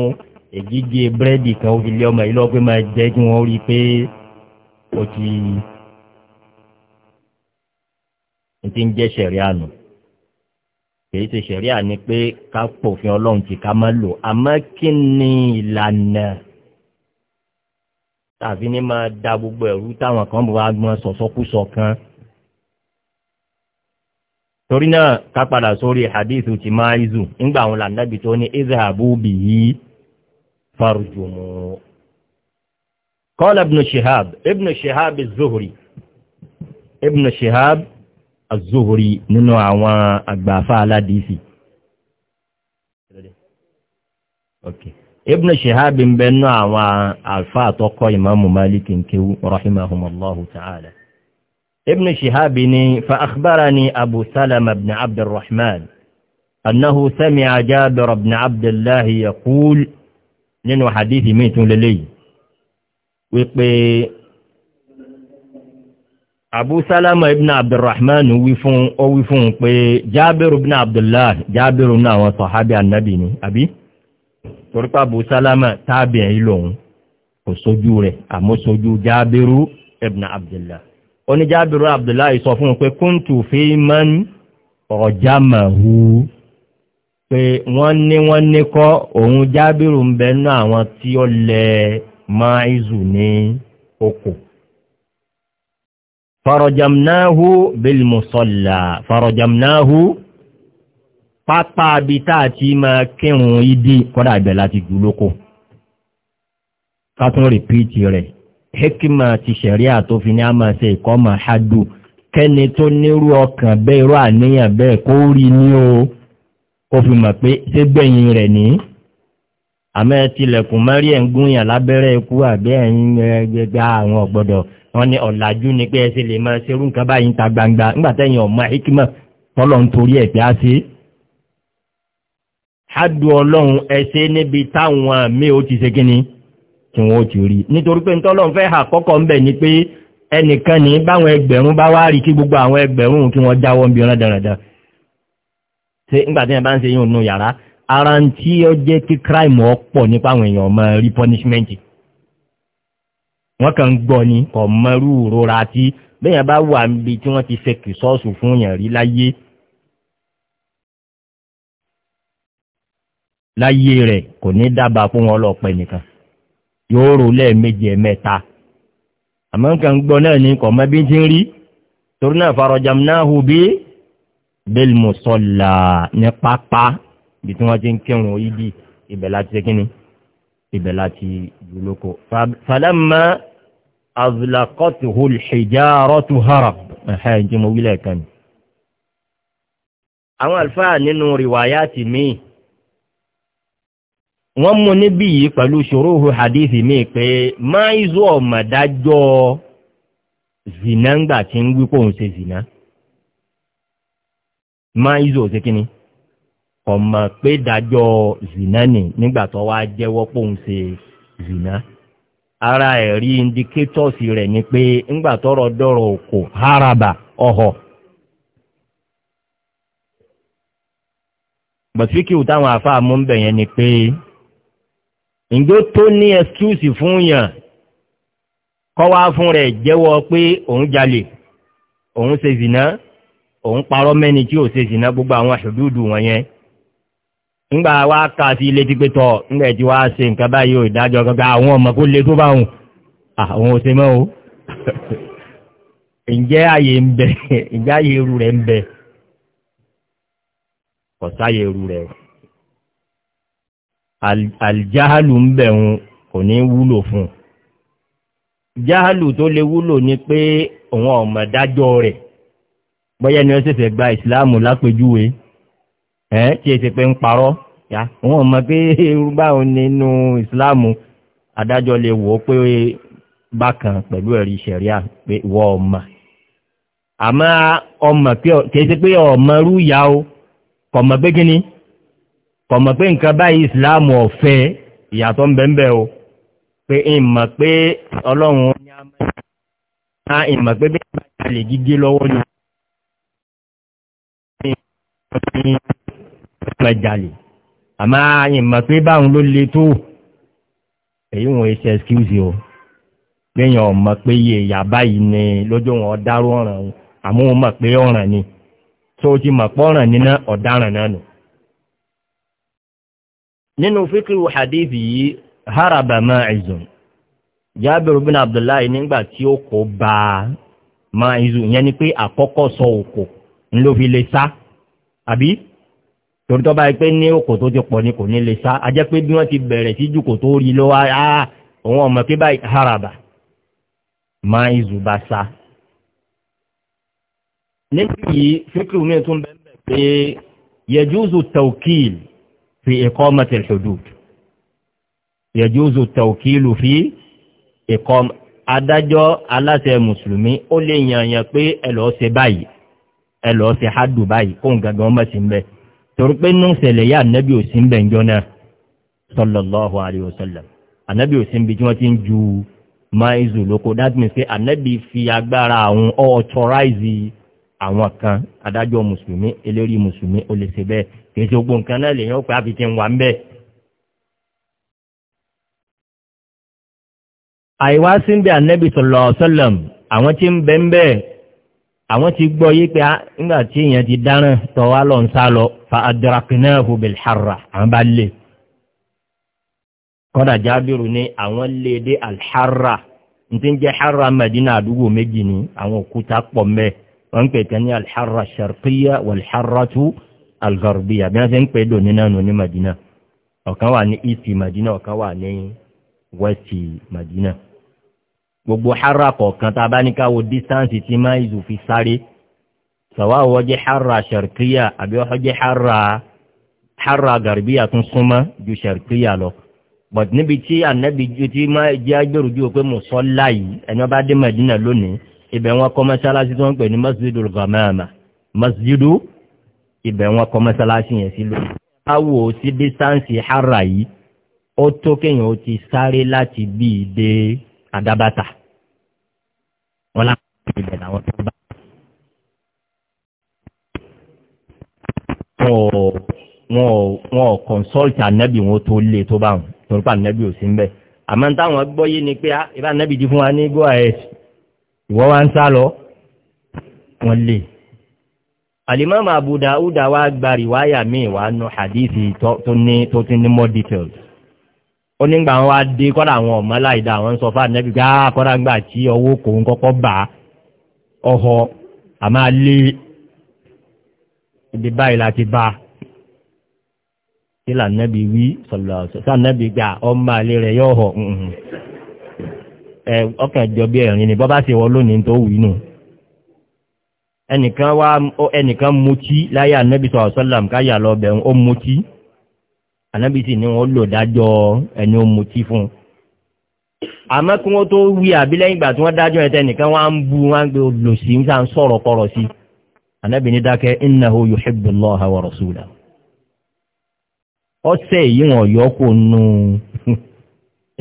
ègígé búrẹ́dì kan ó fi lé ọmọ yìí lọ pé máa jẹ́ kí wọ́n rí i pé ó ti ń ti ń jẹ́ sẹ̀ríà nù kìí ṣe sẹ̀ríà ni pé ká pòfin ọlọ́run tí ká máa lò àmọ́ kí ni ìlànà tàbí ní máa da gbogbo ẹ̀rú táwọn kan bọ̀ wá gbọ́n sọ̀sọ́kúsọ kan. torí náà ká padà sórí hadithu ti máa ń zù nígbà àwọn làǹdàbí tó ní ezra abubi yìí. فارجموا قال ابن شهاب ابن شهاب الزهري ابن شهاب الزهري ننو عوان أقبافا على ديسي اوكي ابن شهاب بن عوان الفا توقع امام مالك كيو رحمهم الله تعالى ابن شهاب فاخبرني ابو سلم بن عبد الرحمن انه سمع جابر بن عبد الله يقول nínú hadithi mi tún lélẹ́yìí wípé abu salama ibn abdulrahman wí fún ó wí fún un pé jábẹ̀rù ibn abdullah jábẹ̀rù náà wọn sọ̀hábẹ̀ annabi ni àbí torípa abu salama tábì ẹ̀yìn lòun kò sójú rẹ̀ àmọ́ sójú jábẹ̀rù ibn abdullah ó ní jábẹ̀rù abdullah sọ fún un pé kúntù fi man ọ̀jámàhú pé wọ́n ní wọ́n ní kọ́ òun jábìrù ń bẹ nú àwọn tí ó lẹ máìzù ní oko farajamnahu bilmusalla farajamnahu pápá abita àti máa kírun ìdí kọ́dà ìbẹ̀ láti gúlókò kátún rìpíìtì rẹ̀ hekima ti ṣẹ̀ríà tó fi ní a máa ṣe ìkọ́ máa ṣáájú kẹ́ni tó nírú ọkàn bẹ́ẹ̀ irú àníyàn bẹ́ẹ̀ kó rí ní o kó fi mọ̀ pé ṣé gbẹ̀yìn rẹ̀ ní àmọ́ tilẹ̀kùn mẹ́rí ẹ̀ ń gúnyàn lábẹ́rẹ́ ikú àbí ẹ̀yìn gbẹgbẹ́ àwọn ọ̀gbọ́dọ̀ wọn ni ọ̀làjú ni pé ẹsẹ̀ lè máa ṣerú nǹkan báyìí ń ta gbangba nígbà tẹ̀yìn ọ̀mọ hikima tọ́lọ̀ ń torí ẹ̀ pé sí. hádù ọlọ́run ẹsẹ̀ níbi táwọn míì ó ti ṣe kíni tí wọ́n ti rí nítorí pé ntọ́lọ́run fẹ́ hà kọ́kọ́ ń bẹ̀ ni pé ẹnìkan ní báwọn ẹgbẹ̀rún bá wá rí kí gbogbo àwọn ẹgbẹ̀rún kí wọ́n jáwọ́ ń bi ọ̀rán dáradára ṣe ńgbà tí yẹn ń ṣe yàrá ara ń tí ó jẹ́ kí crime ọ̀pọ̀ nípa àwọn èèyàn ọmọ rí punishment wọ́n kàn ń gbọ́ ni kò mọ́rú ìrora tí bẹ́yàn bá wà níbi tí wọ́n ti ṣe kìsọ́ọ̀sù fún yàn rí láyé láyé rẹ̀ kò ní dábàá fún wọn lọ́pẹ́ nìkan yóò rò lẹ́ẹ̀mejì ẹ̀mẹ́ta àmọ́ gbọ́ náà ni kò mọ́ bí ti ń rí torí náà bi bẹ́lmùsọ̀là ní pápá bí tí wọ́n ti ń kírun ìdí ibẹ̀ láti kíni ibẹ̀ láti dúlókò. fàlámà azlakọ́tù hulhijárọ́tù harab ẹ̀hẹ́ ìjì mo wílẹ̀ kan àwọn àlùfáà nínú rìwáyà tì wọ́n mú níbí yìí pẹ̀lú ṣòroho hadithi mi pé máa ń zọ ọ̀mọ̀dájọ́ zìnà ńgbà tí ń wí pòun ṣe zìnà máa ìzò ṣe kíni ọmọ pé dájọ́ zina ni nígbà tó wá jẹ́wọ́ pòun ṣe zina ara ẹ̀rí indicators rẹ̀ ni pé ńgbà tọrọ dọ̀rọ̀ òkò haraba ọ̀họ̀. bọ̀tíkìwù táwọn àfáà mú ń bẹ̀yẹn ni pé ǹjọ́ tó ní ẹ̀skúùsì fún yàn kọ́ wá fún rẹ̀ jẹ́wọ́ pé òun jalè òun ṣe zina òun parọ́ mẹ́ni tí ò ṣe ṣìnà gbogbo àwọn àṣòdúdù wọn yẹn ńgbà wá ká sí ilé tí pé tọ̀ ńgbà tí wá ṣe nǹkan báyìí ò ìdájọ́ kankan àwọn ọmọ kó lè tó bá wọn àwọn ò ṣe o ǹjẹ́ àyè ń bẹ ǹjẹ́ àyè eru rẹ̀ ń bẹ kò sáyè eru rẹ̀ àlìjáhálù ń bẹ̀ wọn kò ní wúlò fún un jáhálù tó lè wúlò ni pé òun ọ̀mọ̀dájọ́ rẹ̀ bọ́yẹ́ ni wọ́n ṣẹ̀ṣẹ̀ gba ìsìláàmù lápèjúwe ẹ̀ tí èsì pé ń parọ́ yá wọn mọ̀ pé irúgbà òun nínú ìsìláàmù adájọ́ lè wò ó pé bákan pẹ̀lú ẹ̀rí ìṣẹ̀ríà pé ìwọ ọmọ àmọ́ ọmọ kìí pé ọmọ rú ìyá o kọ̀ mọ̀ pé kíni kọ̀ mọ̀ pé nǹkan báyìí ìsìláàmù ọ̀fẹ́ ìyàtọ̀ ń o pé ìmọ̀ pé ọlọ́run ní àmọ́ ìmọ̀ pé bí wọ́n bá lè gígé lọ́wọ́ ni ní ìpẹjalè àmọ́ àyìnbá pé báwọn ló le tó èyí wọn ṣe excuse o lẹ́yìn ọmọ pé iye ìyá báyìí ni lójú wọn dárú ọ̀ràn o àmọ́ wọn mọ̀ pé ọ̀ràn ni tó o ti mọ̀ pé ọ̀ràn ni náà ọ̀daràn náà nù. nínú fíkìrù hadith yìí haraba ma'izun jábìrì bin abdullahi nígbà tí ó kó bá ma'izun yẹn ni pé àkọ́kọ́ sọ òkò ńlọ lè sá àbí torí tọ́ báyìí pé ní òkò tó ti pọ̀ ni kò ní lè sá a jẹ́ pé bí wọ́n ti bẹ̀rẹ̀ sí jùkò tó rí lọ́wọ́ á òun ọmọ pé báyìí haraba máa ìzù bá sá. níbi yìí fíkì mi tún bẹ́ẹ̀ pé yẹjúzù tawkil fi ẹ̀kọ́ mẹ́tẹ̀lẹ́dùd yẹjúzù tawkil fi ẹ̀kọ́ adájọ́ aláṣẹ mùsùlùmí ó lè yàn yàn pé ẹ lọ́ọ́ ṣe báyìí ẹ lọ sí hádùn báyìí kóhùn gangan ọmọ sí ń bẹ torí pé nínú ìṣẹ̀lẹ̀ yá ànábì òsì ń bẹ ń jọ́nà sọlọ́lọ́hu àríwá sọlọ́m ànábì òsì ń bi tí wọ́n ti ń ju máìzù lóko that means pé ànábì fi agbára àwọn authorize àwọn kan adájọ́ mùsùlùmí eléri mùsùlùmí ó lè ṣe bẹ́ẹ̀ kì í ṣe gbogbo nǹkan náà lèyàn ó pé àfi ti ń wà ń bẹ́ẹ̀. àìwá sí ń bẹ ànábì àwọn tí ń bẹ ń bẹ́ẹ̀ àwọn ti gbọ́ yí pé ah, nígbà tí èèyàn ti dáràn tọ́ wá lọ ń sá lọ fa adraqnahu bil harra àwọn bá lè kọ́dà jábìrù ní àwọn lè dé alharra ní ti ń jẹ́ harra madina àdúgbò méjì ní àwọn òkúta pọ̀ mẹ́ wọ́n ń pè kan ní alharra sharqiyya walharra tu algarbiya bí wọ́n ti ń pè dò nínú ẹnu ní madina ọ̀kan wà ní east madina ọ̀kan wà ní west madina gbogbo hara kọ̀ọ̀kan tá a bá ní káwo distance tí máìlù fi sáré sọ̀wáwọ́ jẹ́ hara sharkiya àbí ọ̀họ́ jẹ́ hara hara garbiya tún súnmọ́ ju sharkiya lọ but níbi tí ànábi ju tí máa jẹ́ agbèrújú pé mùsọ́lá yìí ẹni wọ́n bá dé mẹ́dínà lónìí ibẹ̀ wọn kọ́ mọ́sálásí tó ń pè ní masjidul ghamama masjidu ibẹ̀ wọn kọ́ mọ́sálásí yẹn sí lónìí. báwo sí distance hara yìí ó tó kéèyàn ó ti sáré láti bíi dé àdábàtà wọn làwọn ti ibẹ̀ làwọn tó bá. wọn ò wọn ò consult anabi wọn tó lé tó bá wọn torí pa anabi ò sí ń bẹ àmọ́ táwọn gbọ́ yé ni pé ibà anabi di fún wa ní go ahead ìwọ́ wa ń sá lọ wọn lè alimami abu dawuda wa gba riwaya mi wa nu hadithi tó ní tó ti ní more details ó nígbà wọn wá dé kọ́dà àwọn ọ̀mọ́ láìda àwọn sọ fáà nẹ́bí gbá kọ́dà ńgbà tí ọwọ́ kò ń kọ́kọ́ bà ọ̀họ̀ àmà lé ibi báyìí láti bá kí lànàbí wí sọ̀lọ̀ sànàbí gbà ọmọ àlè rẹ̀ yọ̀ ọ̀họ̀ ọkàn jọ bí ẹ̀rin ni bọ́bá ṣe wọ lónìí tó wì nù ẹnìkan wá ẹnìkan mutí láyé ànẹ́bí sọ̀rọ̀ sọ́làm káyà lọ bẹ̀rùn ó mutí ànábì sì ni wọ́n lò dájọ́ ẹni ó mutí fún un àmọ́ kí wọ́n tó wí àbí lẹ́yìn ìgbà tí wọ́n dájọ́ ẹ̀tẹ́ nìkan wọ́n á ń bu wọ́n á ń gbé lò sí ń sàn sọ̀rọ̀ pọ̀rọ̀ sí ànábì ní dákẹ́ ìnáwó yóò ṣẹ́gbù lọ́ha wọ̀rọ̀ sùúlà ọ̀sẹ̀ yìí wọ̀n yọ kó nu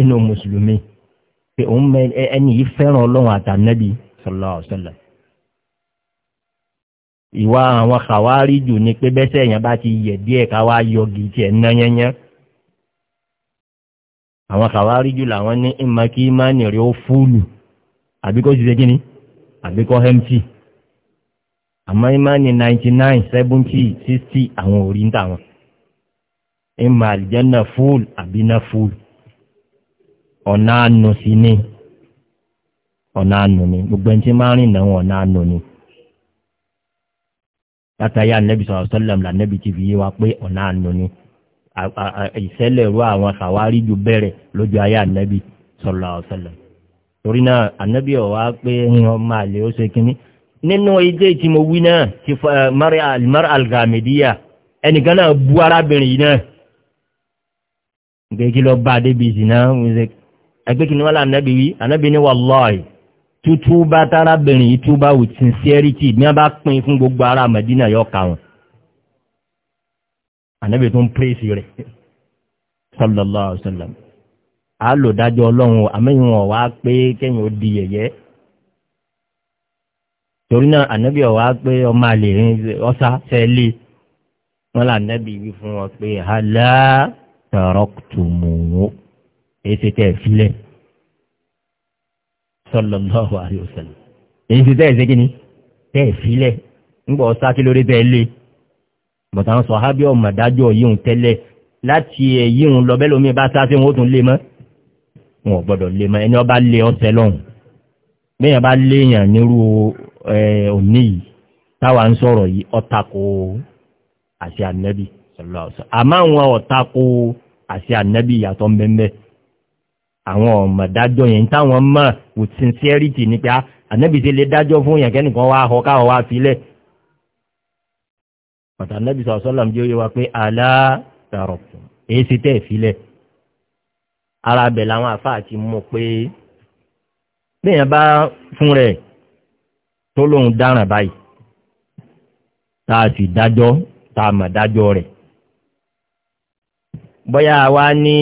inú mùsùlùmí pé òun ẹni yìí fẹ́ràn ọlọ́run àtànábì sọ̀lá ọ̀sẹ̀lẹ̀ ìwà àwọn kàwárí jù ni pé bẹ́sẹ̀ èèyàn bá ti yẹ̀ díẹ̀ ká wá yọgì tiẹ̀ náyányán àwọn kàwárí jù làwọn ní ìmọ̀ kí ìmánì rẹ̀ ó fúlù àbíkọ́ ti ṣe ni àbíkọ́ empty àmọ́ ìmánì ninety nine seventy sixty àwọn òrí ń tà wọn ìmọ̀ àlìjẹ́nà fúlù àbínà fúlù ọ̀nà ànù sí ni ọ̀nà ànù ni gbogbo ẹni tí máa ń rìn náà ọ̀nà ànù ni látàyà nẹ́bí sọ̀rọ̀ sọ́lẹ̀m là nẹ́bí ti fi yé wa pé ọ̀nà àánú ni ìṣẹ̀lẹ̀ ru àwọn kàwárí ju bẹ̀rẹ̀ lójú ayé ànẹ́bí sọ̀rọ̀ sọ́lẹ̀m torí náà ànẹ́bí ọ̀ wá pé ọmọ àlè ó ṣe kínní nínú ilé tí mo wí náà ti mara algamidiya ẹnìkan náà bu arábìnrin yìí náà gbé kí lọ bá a débi ìsìn náà ẹgbẹ́ kí ni wọ́n lá ànẹ́bí wí ànẹ́bí ní wàlọ́ọ̀yì tútú bá tárábìnrin yìí túbá with sincerity ní a bá pín fún gbogbo ara Mẹ̀dínà yọ ká wọn ànábì tó ń pèsè rẹ̀ sallallahu alaihi wasallam a lò dájọ́ ọlọ́run àmẹ́yìn wọn wá pé kẹ́yìn ó di yẹ̀yẹ́ torí náà ànábì ọ̀wá pé ọmọ àlè ọ̀sá tẹ́lẹ̀ wọn là ànábì wí fún wọn pé hàlá tààrọ́kùtùmù èsì tẹ̀ sílẹ̀ sallallahu alaihi wasallam èyí ti tẹ́ẹ̀ ṣégin ni tẹ́ẹ̀ filẹ̀ ńgbọ́ sákì lórí tẹ́ẹ̀ lé bọ̀tà ń sọ hábí ọmọ dájọ́ yíhun tẹ́lẹ̀ láti yíhun lọ bẹ́ẹ̀ lómi bá sáfì wọn ó tún lé mọ́ wọn ò gbọ́dọ̀ lé mọ́ ẹni ọba lé ọ̀sẹ̀ lọ́hùn bẹ́ẹ̀ bá léèyàn nírú òní yìí táwa ń sọ̀rọ̀ yìí ọ̀tako àṣẹ ànẹ́bì sallallahu àmọ́ àwọn ọ̀tako àṣẹ ànẹ́bì yàtọ̀ mbẹ́mbẹ́ àwọn ọmọ dájọ́ yẹn táwọn mọ̀ with sincerity ni pé ah, ànábì ti lè dájọ́ fún yẹn kẹ́nìkan wá họ káwọn wá filẹ̀ pàtà ànábì sọ̀rọ̀ sọ́làm jẹ́ oyè wa pé àlá tààrọ̀ èyí sì tẹ̀ filẹ̀ ara bẹ̀ làwọn àfáà ti mú pé bẹ́ẹ̀ bá fún rẹ̀ tó lóun dáràn báyìí tá a sì dájọ́ tá a mọ̀ dájọ́ rẹ̀ bóyá wa ní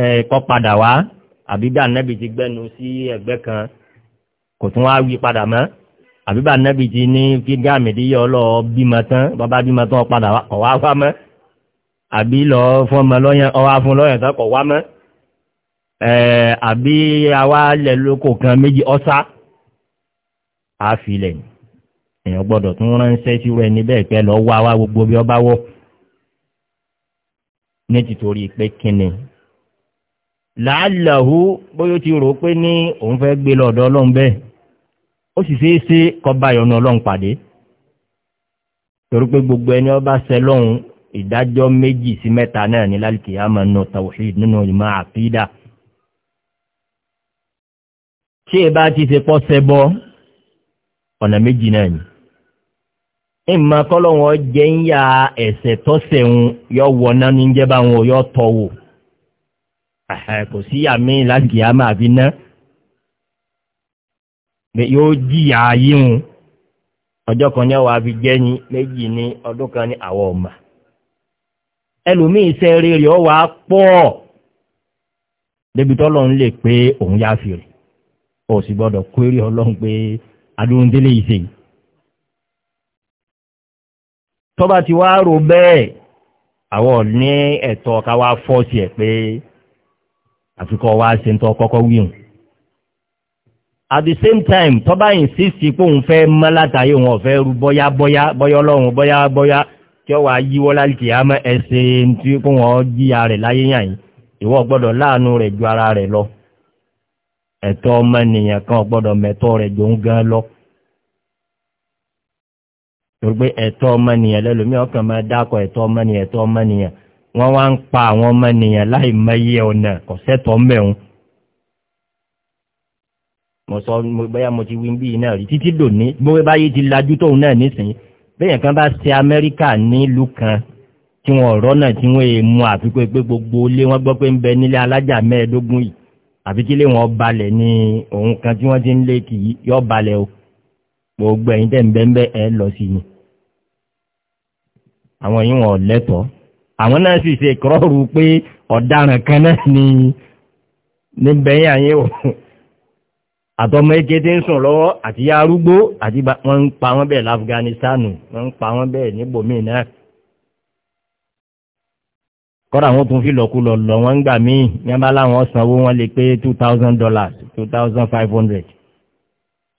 ẹ̀ẹ́kọ́ padà wá àbíbá nẹ́bì ti gbẹ́nu sí ẹgbẹ́ kan kò tún wá wí padà mọ́ àbíbá nẹ́bì ti ní kí gáàmìdíyẹ ọlọ́ bímọ tán bàbá bímọ tán padà kọ̀ wá wá mọ́ àbí lọ fún ọmọ lọ́yàn ọwá fún lọ́yàn tán kọ̀ wá mọ́ àbí awá lẹ̀ lóko kan méjì ọ́sá àfilẹ̀ èèyàn gbọ́dọ̀ tún ránṣẹ́ sí rẹ̀ níbẹ̀ pẹ́ lọ wá wá gbogbo bí ọ bá ní títorí pé kíni làálàhù bóyá ó ti rò pé ní òun fẹ́ gbé lọ́dọ̀ ọlọ́run bẹ́ẹ̀ ó sì ṣeé ṣe kọba ìyọnu ọlọ́run pàdé torí pé gbogbo ẹni ọba ṣẹ lọ́hùn ìdájọ́ méjì sí mẹ́ta náà ní lálùkìyàmọ̀ nù tawhid nínú ìmọ̀ àfídà ṣé ìbá ti ṣe pọ́ sẹ́bọ́ ọ̀nà méjì náà ni ìmọ̀ kọ́lọ́wọ́n jẹ́ ń ya ẹ̀sẹ̀ tọ́sẹ̀ ń yọ wọ̀ná ní jẹ́ báwọn yọ tọ́wọ́ kò sí àmì láti àmà àfi ná yóò jìyà yíhun ọjọ́ kan ní ọwọ́ àfi jẹ́yìn méjì ní ọdún kan ní àwọ̀ ọ̀mà ẹlòmíì iṣẹ́ rere ọwọ́ á pọ̀ débi tọ́lọ́run lè pé òun yá fi rè ó sì gbọ́dọ̀ kórè ọlọ́run pé adúrúndélé yìí tọ́ba ti wá rò bẹ́ẹ̀ àwọn ní ẹ̀tọ́ ká wá fọ́ọ̀sì ẹ̀ pé. àfikọ́ wa ṣe ń tọ́ kọ́kọ́ wíhùn at the same time tó bá insist pé òun fẹ́ mọ́ látàyè òun ọ̀fẹ́ rú bọ́yá bọ́yá bọ́yá ọlọ́run bọ́yá bọ́yá tí ó wà yíwọ́ láti àmọ́ ẹsẹ̀ tí kò wọ́n jíya rẹ̀ láyé yàn yìí ìwọ gbọ́dọ̀ láàánú rẹ̀ ju ara rẹ̀ lọ ẹ̀tọ́ ọmọnìyàn kan gbọ́dọ̀ mẹ́tọ́ rẹ̀ jò ń gan lọ torí pé ẹ̀tọ́ ọmọnìyàn lẹ́lòmí ọkàn máa dákọ̀ ẹ̀tọ́ ọmọnìyàn ẹ̀tọ́ ọmọnìyàn wọ́n wá ń pa àwọn ọmọ ènìyàn láì mẹ́yẹ ọ̀nà ọ̀sẹ́tọ̀ mẹ́un mo sọ bóyá mo ti wí bí iná rí títí dòní bóyá báyé ti lajú tóun náà nísìnyí bẹ́yẹn kan bá ṣe amẹ́ríkà nílùú kan tí wọn ọ̀rọ̀ náà tí wọ́n è mú àfikún pé gbogbo ilé wọn gbọ́ pé ń bẹ nílé alájà mẹ́ẹ̀ẹ́dógún yìí àfi kí wọn balẹ̀ ní òun kan tí wọ́n ti ń lé kì í yọ balẹ̀ o gbogbo ẹ̀yin tẹ̀ ń bẹ́ẹ̀ ẹ lọ sí i àwọn yìí wọn ò lẹ́tọ̀ọ́ àwọn náà sì ṣe kọ́rọ̀rù pé ọ̀daràn kan náà ni níbẹ̀ yà yín o àtọmọ eke tí ń sùn lọ́wọ́ àti ya arúgbó àti wọ́n ń pa wọ́n bẹ́ẹ̀ láfgánistánù wọ́n ń pa wọ́n bẹ́ẹ̀ níbòmíì náà kọ́ra wọn tún fi lọ́kú lọ lọ wọ́n ń gbà míì ní abá láwọn sanwó wọn lè pé two thousand dollars two thousand five hundred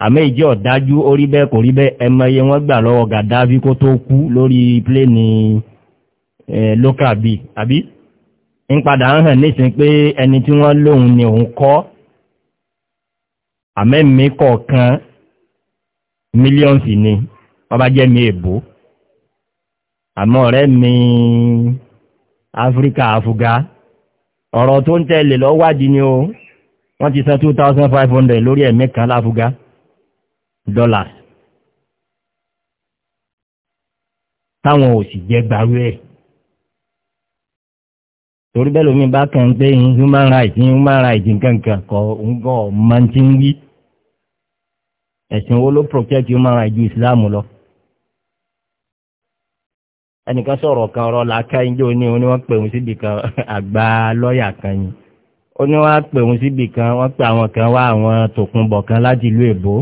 àmọ́ ìjọ ọ̀dájú ó rí bẹ́ẹ̀ kò rí bẹ́ẹ̀ ẹ̀mọ iye wọn gbà lọ́wọ́ gàdáfi kó tó kú lórí pléènì. Eh, lókà bíi àbí ń padà ń hàn nísìnyí pé ẹni tí wọ́n lóun ni òun kọ́ àmẹ́mí kọ̀ọ̀kan mílíọ̀nsì ni wọ́n bá jẹ́ mi èbó àmọ́ ọ̀rẹ́ mi áfíríkà àfugá ọ̀rọ̀ tó ń tẹ̀lé lọ́wádìí ni o wọ́n ti san two lórí ẹ̀mí kan láfugá dollars táwọn ò sì jẹ́ gbarú ẹ̀ torí bẹ́ẹ̀ lómi bá kàn ń human rights ní human rights nkankan kọ ńgọ́ máa ti ń wí ẹ̀sìn wo ló protect human rights ju islam lọ. ẹnìkan sọ̀rọ̀ kan ọ̀rọ̀ làákàyìn jẹ́ oní oníwọ̀n pè wọ́n síbi kan àgbà lọ́ọ̀yà kan yìí oní wọ́n pè wọ́n síbi kan wọ́n pe àwọn kan wá àwọn tòkunbọ̀ kan láti ìlú èbó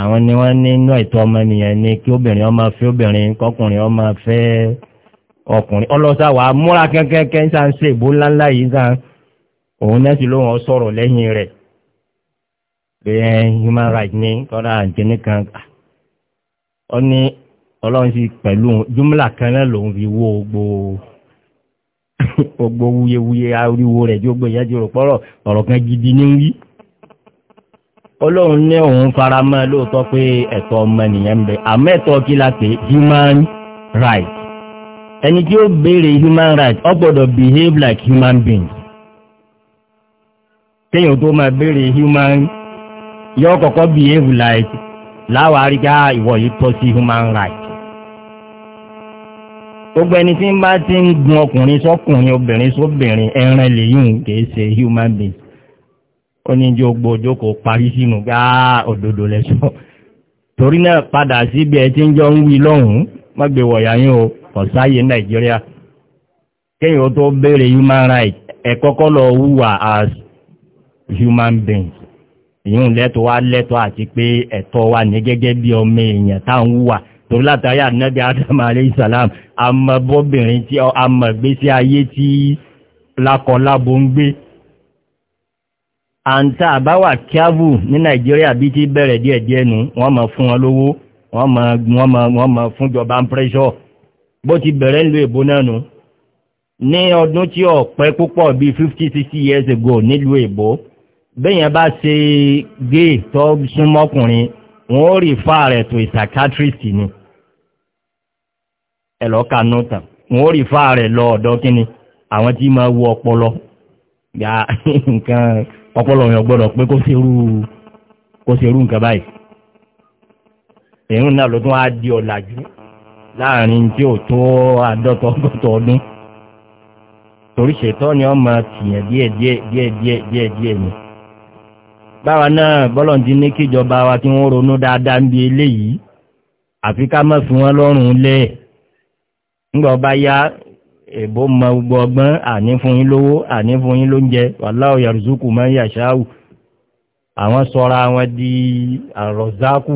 àwọn ni wọ́n ní inú ẹ̀tọ́ ọmọnìyàn ni kí obìnrin ọmọ fẹ́ obìnrin kọkùnrin ọmọ fẹ́ẹ́ ọkùnrin ọlọ́sà wà múra kẹ́kẹ́kẹ́ ń sáà ṣe ìbò ńláńlá yìí sáà òun náà sì ló sọ̀rọ̀ lẹ́yìn rẹ̀ pé eh, human rights ní kọ́dà àǹtẹ̀ní kan ọ ah, ní ọlọ́run sì pẹ̀lú júmùlà kan náà lòun fi wó gbó gbogbo wuyewuye ariwo rẹ̀ tí ó gbé ìyájú rò pọ́rọ̀ ọ̀rọ̀ kan gidi ní wí ọlọ́run ní òun fara mọ́ lóòótọ́ pé ẹ̀tọ́ ọmọ nìyẹn ń bẹ àmọ́ ẹ̀tọ́ kí la pé human right ẹni tí ó béèrè human rights ó behave like human being kéèyàn tó máa béèrè human yọ kọ́kọ́ behave like láwárí ká ah, ìwọ yìí tọ́ sí human rights gbogbo ẹni tí ń bá ti ń gun ọkùnrin sọkùnrin obìnrin sóbìnrin ẹran lèyìn kìí ṣe human being ó ní jẹ́ ogbó ojókòó parí sínú gbáà ah, òdodo lẹ́sọ̀ torí náà padà síbi ẹ ti ń jọ ń wí lọ́hùn-ún. mọ́gbé wọ̀yà yín o kọ̀sáyé nàìjíríà kéyìn ó tó béèrè human right ẹ̀kọ́kọ́ lọ wúwà as human beings ìyún lẹ́tọ̀ wá lẹ́tọ̀ àti pé ẹ̀tọ́ wa ní gẹ́gẹ́ bí ọmọ èèyàn táwọn wúwà torí látàrí ànábì adam alayhi salam amọ̀bọ́bìnrin tí amọ̀gbésí ayé tí lákọlábo ń gbé àǹtà àbáwà kíávù ní nàìjíríà bí ti bẹ̀rẹ̀ díẹ̀díẹ̀ nù wọ́n mọ̀ fún wọn lówó wọ́n ma wọ́n ma wọ́n ma fúnjọba ń pẹ́ṣọ́ bó ti bẹ̀rẹ̀ ń lo èbó náà nù ní ọdún tí ọ̀pẹ́ púpọ̀ bí 50-60 years ago nílùú èbó bẹ́yẹn bá ṣe gé tó súnmọ́kùnrin wọ́n ó rí fà rẹ̀ tó psychiatrist ni ẹ̀lọ́ka nọ́tà wọ́n ó rí fà rẹ̀ lọ ọ̀dọ́ kíni àwọn tí máa wo ọpọlọ ya nǹkan ọpọlọ yẹn gbọ́dọ̀ pé kó ṣerú kó ṣerú nǹkan báyìí èyún náà ló tún á di ọ̀làjú láàrin tí ò tó àádọ́ta ọgọ́ta ọdún torí ṣètọ́ ni ọmọ tìyàn díẹ̀ díẹ̀ díẹ̀ díẹ̀ díẹ̀ díẹ̀ ni báwa náà bọ́lọ̀dín ní kíjọba wa tí wọ́n ronú dáadáa ń bi eléyìí àfi ká má fi wọ́n lọ́rùn lẹ̀ ńgbà ọba ya èbó mọ gbogbo ọgbọ́n àní fún yín lówó àní fún yín lóúnjẹ wàláwò yàrùzúkù mọ́ yàṣáwù àwọn sọra wọn di àrọ̀zákù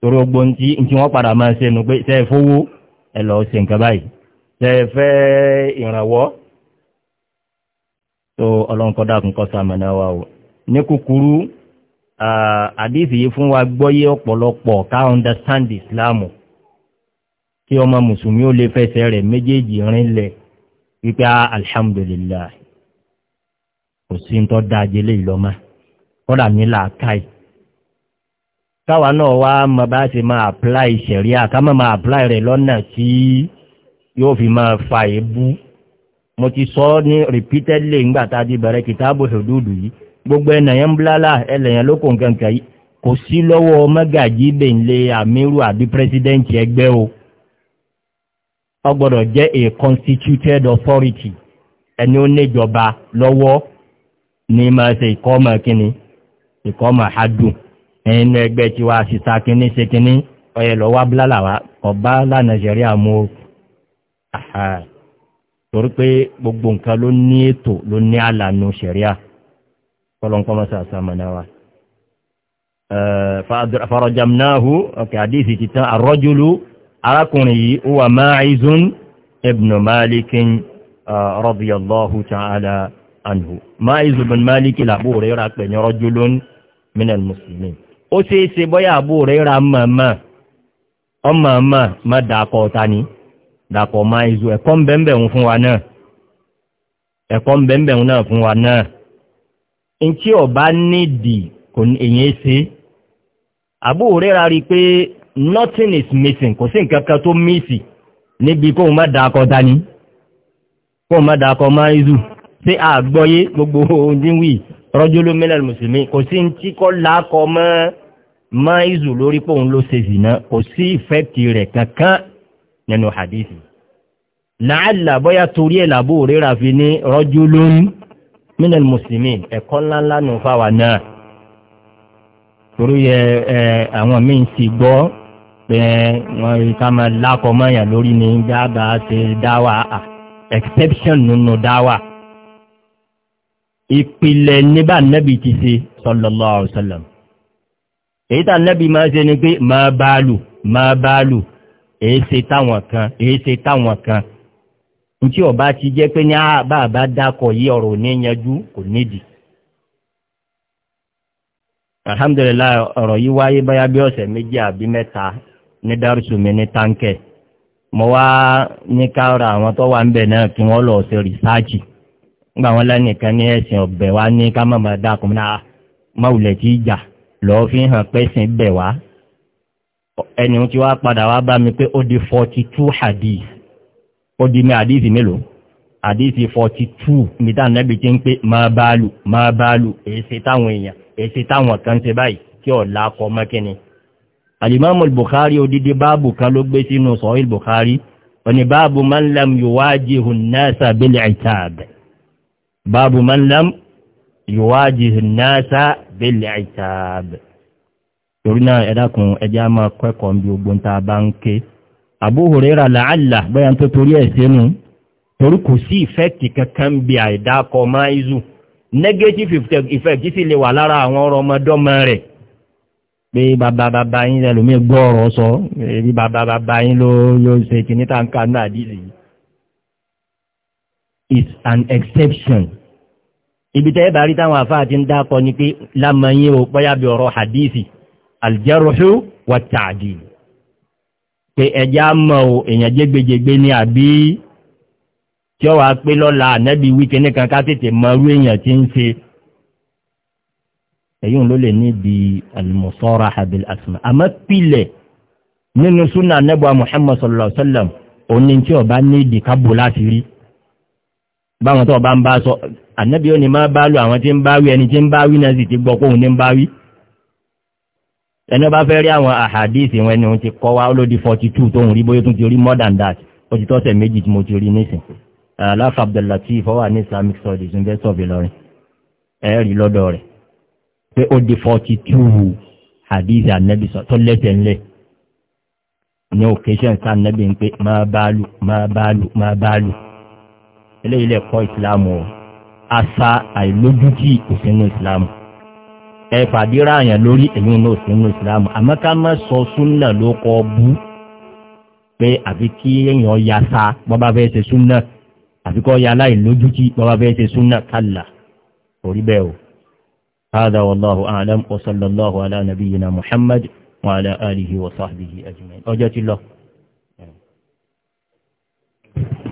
torí ogbó ń tí tí wọ́n padà máa ṣe nù pé tẹ́ fówó ẹ lọ ṣe nǹkan báyìí tẹ́ fẹ́ ìrànwọ́ tó ọlọ́nkọ́dá kún kọ́ sàmìnà wa o ní kúkúrú àdìsí yìí fún wa gbọ́yé ọ̀pọ̀lọpọ̀ ká understand islam kí ọmọ mùsùlùmí ó lè fẹsẹ̀ rẹ̀ méjèèjì rinlẹ̀ wípé ah, alhamdulilayi kò sí ń tọ́ dáa jẹ́lé ìlọ́mà kọ́dà ní làákàyè. káwa náà wá mọ bá ṣe máa apply ṣẹ̀ríà ká má máa apply rẹ̀ lọ́nà tí yóò fi máa fa èébú mo ti sọ ní repeatedly ńgbà tá a ti bẹ̀rẹ̀ kìtàbù yìí gbogbo ẹnìyàn ń bláàlà ẹlẹ́yìn ló kò nǹkan kò sí lọ́wọ́ mẹ́gàjì bẹ̀ǹlẹ̀ àmírù àbí o ọ gbọ́dọ̀ jẹ́ a constituted authority ẹni ó níjọba lọ́wọ́ ní máa ṣe ìkọ́mọ̀ ẹnu ẹgbẹ́ tí wá síta kíní ṣe kíní ọyẹ lọ wá bílálà wá ọba lánà ṣẹ̀rí àmú torí pé gbogbo nǹkan ló ní ètò ló ní àlànà ṣẹ̀rí à kọlọ́nkọ́mọ́ sàṣàmọ̀nà wa. farajamnahu ọkẹ́ àdéhìí ti tán àrọ́júlù arákùnrin yìí ó wà máa ìzún ibn malikin rọ́bìyàlláhu ta'ala anhu máa ìzún ibn malikin làbúrẹ́ rà pẹ̀yìn rọ́júlù min al-muslimin ó ṣe é ṣe bọ́yà àbú rẹ̀ ra mọ̀mọ̀ ọmọọmọ má dàpọ̀ ta ni dàpọ̀ máa ìzù ẹ̀kọ́ ń bẹ̀m̀bẹ̀ ń fún wa náà ẹ̀kọ́ ń bẹ̀m̀bẹ̀ ń náà fún wa náà n tí ọba nídìí kò ní èyí ṣe àbú rẹ̀ ra rí pé nothing is missing kò sí nǹkan kan tó mísì níbi kóun má dàpọ̀ ta ni kóun má dàpọ̀ máa ìzù ṣé àgbọ́yé gbogbo ohun tí ń wí rọ́júlómìnà mùsùlùmí kò sí ní tí kọ́ làákọ̀ mọ́ máìzù lórí pé òun ló ṣe zìnà kò sí ìfẹ́kì rẹ̀ kankan nínú hadithi làálà bóyá torí ẹ̀ làbó rírà fi ní rọ́jú lórí minal muslimin ẹ̀kọ́ ńláńlá nù fáwa náà torí ẹ ẹ àwọn míín sì gbọ́ pé wọn ká máa lákọ mọ́yàn lórí ní gbàgbà ṣe dáwà exception nínú dáwà ìpìlẹ̀ níbà nẹ́bì ti ṣe sallallahu alaihi wasallam èyí tà nẹ́bí máa ṣe ni pé máa báàlù máa báàlù èyí ṣe táwọn kan èyí ṣe táwọn kan ntí ọba ti jẹ́ pé ní bàbá dákọ̀ yí ọ̀rọ̀ ní yanjú kò nídìí. alhamdulilayi ọ̀rọ̀ yìí wáyé báyá bí ọ̀sẹ̀ méjì àbí mẹ́ta ní dárúsù ní táǹkẹ̀ mo wá ní kára àwọn tó wà ń bẹ̀ náà kí wọ́n lọ ṣe rìsáàjì nígbà wọn lẹ́nìkan ní ẹ̀sìn ọ̀bẹ̀ wá ní ká má má dákọ̀ náà máwùlẹ̀ tí ì lọ́ọ́ fi hàn pé sìn bẹ̀ wá ẹni tí wàá padà wá bá mi pé ó di forty two hadith ó di mi hadith mélòó hadith forty two mi tá nẹ́bi tí ń pé máa bá lù máa bá lù èsì táwọn èèyàn èsì táwọn kan ṣe báyìí kí ọ̀la kọ mọ́ kíni. alimami bukhari odidi báàbù kan ló gbé sínú sọ́yìn bukhari oni báàbù man lam yuwajihu nasa bil itab báàbù man ìwádìí ìnáṣà bẹ́ẹ̀lì àìsàbẹ̀ torí náà ẹ̀dàkùn ẹjá máa kẹ́kọ̀ọ́ bí ogun ta bá ń ké àbúhùrẹ́rà làálà bẹ́yà tó torí ẹ̀ sínú torí kò sí ìfẹ́kì kankan bí àìdákọ máìzù negative effect sì lè wà lára àwọn ọrọ̀ ọmọdọ́mọ rẹ̀ pé bàbá bàbá yín ẹlòmí gbọ́ ọ̀rọ̀ sọ èyí bàbá bàbá yín ló ló ṣe kìnnìtàǹkà náà dìde is an exception ibi tẹ́ bá rí táwọn àfáà ti ń dákọ ni pé lámọ̀yìn o pọ́yà bí ọ̀rọ̀ hadithi aljaruhu wa ta'dil pé ẹja mọ̀ o èèyàn jégbèjègbè ni àbí tí ó wà pé lọ́la ànẹ́bí wíkẹ́ nìkan ká tètè mọ irú èèyàn tí ń ṣe èyí ló lè níbi almusara habil asma àmọ́ pilẹ̀ nínú súnà nẹ́bùa muhammad sallallahu alaihi wa sallam òní tí ọba ní ìdí kábò láti rí báwọn tó bá ń bá sọ ànábì ó ní máa bá lò àwọn tí ń bá wí ẹni tí ń bá wí náà sì ti gbọ́ kóhun ní ń bá wí ẹni bá fẹ́ rí àwọn àhàdíìsì wọn ni òun ti kọ́ wa ó ló di forty two tóun rí bóyá tún ti rí more than that ó ti tọ́sẹ̀ méjì tí mo ti rí nísìn aláfa abdullahi fọwọ́ ní islamic studies university of ilorin ẹ rí lọ́dọ̀ rẹ̀ pé ó di forty two àdíìsì ànábì tó lẹ́sẹ̀ ńlẹ̀ ní occasion ká ànábì ń pé máa bá lù máa bá lù máa bá lù eléyìí lẹ́kọ́ ìsìlámù o àṣà àìlójútì kò sínú ìsìlámù ẹ fàdíra àyàn lórí èmi náà sínú ìsìlámù àmọ́ ká má sọ súnà ló kọ bú pé àfi kí èèyàn ya sa wọ́n bá fẹ́ ṣe súnà àfi kọ́ ya aláìlójútì wọ́n bá fẹ́ ṣe súnà kálà orí bẹ́ẹ̀ o. هذا والله أعلم وصلى الله على نبينا محمد وعلى آله وصحبه أجمعين أجت الله